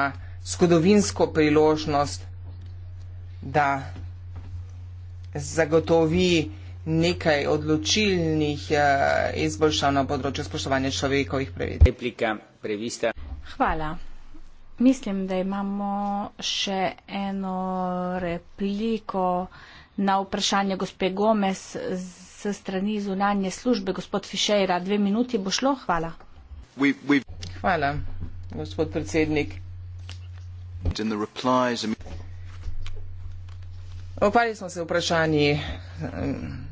zgodovinsko priložnost, da zagotovi nekaj odločilnih eh, izboljšav na področju spoštovanja človekovih pravic. Replika, prevista. Hvala. Mislim, da imamo še eno repliko na vprašanje gospe Gomez s strani zunanje službe. Gospod Fišejra, dve minuti bo šlo. Hvala. We, we... Hvala, gospod predsednik. Replies... Opali smo se vprašanji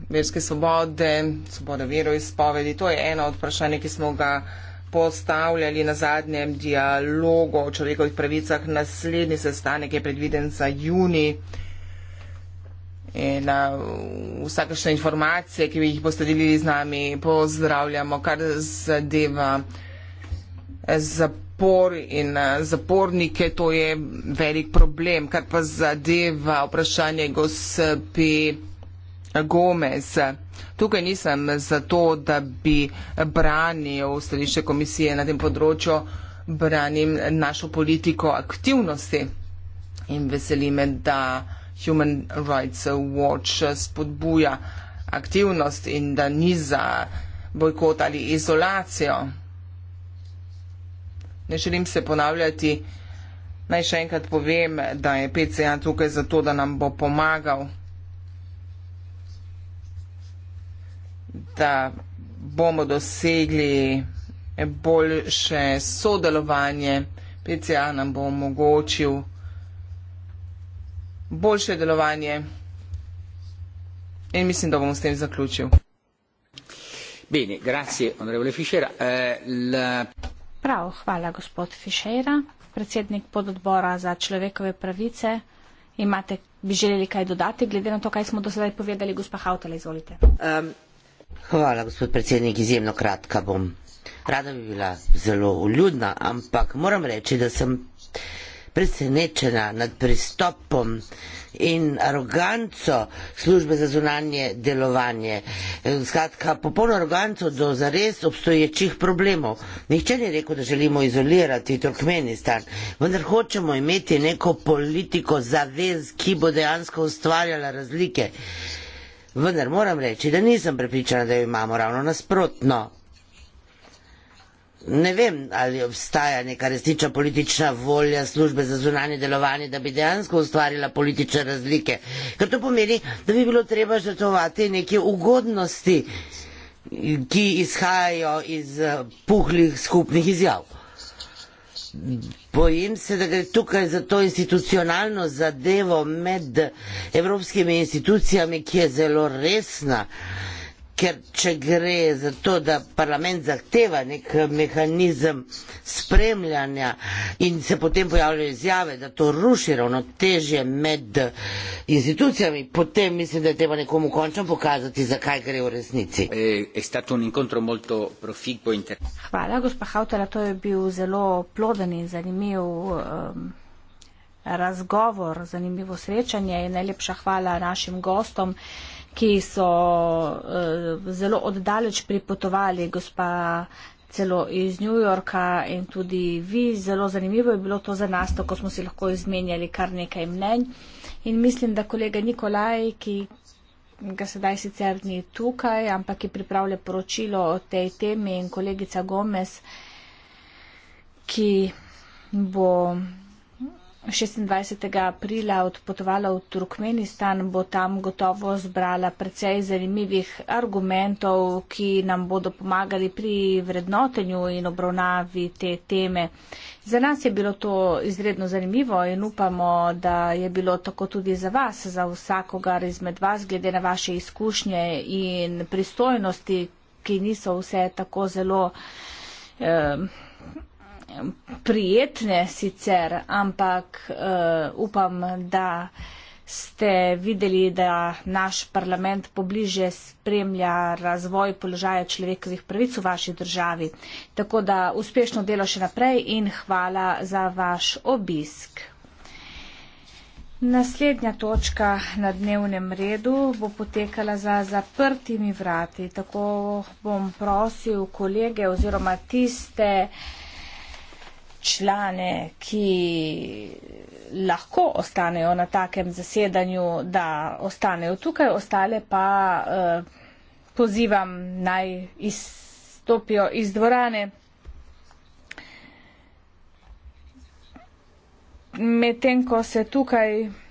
verske svobode, svobode veroizpovedi. To je eno od vprašanj, ki smo ga postavljali na zadnjem dialogu o človekovih pravicah. Naslednji sestanek je predviden za juni. In vsakašne informacije, ki bi jih boste delili z nami, pozdravljamo, kar zadeva zapor in zapornike, to je velik problem. Kar pa zadeva vprašanje gospe. Gomez. Tukaj nisem zato, da bi branil stališče komisije na tem področju, branim našo politiko aktivnosti in veseli me, da Human Rights Watch spodbuja aktivnost in da ni za bojkot ali izolacijo. Ne želim se ponavljati, naj še enkrat povem, da je PCA tukaj zato, da nam bo pomagal. da bomo dosegli boljše sodelovanje. PCA nam bo omogočil boljše delovanje in mislim, da bom s tem zaključil. Bene, grazie, onorevole Fišera. Eh, la... Prav, hvala, gospod Fišera, predsednik pododbora za človekove pravice. Imate, bi želeli kaj dodati, glede na to, kaj smo do sedaj povedali, gospa Hautala, izvolite. Um, Hvala, gospod predsednik, izjemno kratka bom. Rada bi bila zelo uljudna, ampak moram reči, da sem presenečena nad pristopom in aroganco službe za zunanje delovanje. Skratka, popolno aroganco do zares obstoječih problemov. Nihče ni rekel, da želimo izolirati Turkmenistan, vendar hočemo imeti neko politiko zavez, ki bo dejansko ustvarjala razlike vendar moram reči, da nisem prepričana, da jo imamo ravno nasprotno. Ne vem, ali obstaja neka resnična politična volja službe za zunanje delovanje, da bi dejansko ustvarila politične razlike. Ker to pomeni, da bi bilo treba žrtovati neke ugodnosti, ki izhajajo iz eh, puhlih skupnih izjav. Bojim se, da gre tukaj za to institucionalno zadevo med evropskimi institucijami, ki je zelo resna ker če gre za to, da parlament zahteva nek mehanizem spremljanja in se potem pojavljajo izjave, da to ruši ravno težje med institucijami, potem mislim, da je treba nekomu končno pokazati, zakaj gre v resnici. E, hvala, gospa Hautela, to je bil zelo ploden in zanimiv. Um razgovor, zanimivo srečanje in najlepša hvala našim gostom ki so eh, zelo oddaleč pripotovali, gospa celo iz New Yorka in tudi vi. Zelo zanimivo je bilo to za nas, tako smo si lahko izmenjali kar nekaj mnenj. In mislim, da kolega Nikolaj, ki ga sedaj sicer ni tukaj, ampak je pripravlja poročilo o tej temi in kolegica Gomez, ki bo 26. aprila odpotovala v Turkmenistan, bo tam gotovo zbrala precej zanimivih argumentov, ki nam bodo pomagali pri vrednotenju in obravnavi te teme. Za nas je bilo to izredno zanimivo in upamo, da je bilo tako tudi za vas, za vsakogar izmed vas, glede na vaše izkušnje in pristojnosti, ki niso vse tako zelo. Eh, prijetne sicer, ampak uh, upam, da ste videli, da naš parlament pobliže spremlja razvoj položaja človekovih pravic v vaši državi. Tako da uspešno delo še naprej in hvala za vaš obisk. Naslednja točka na dnevnem redu bo potekala za zaprtimi vrati. Tako bom prosil kolege oziroma tiste, uh, člane, ki lahko ostanejo na takem zasedanju, da ostanejo tukaj, ostale pa uh, pozivam naj izstopijo iz dvorane. Medtem ko se tukaj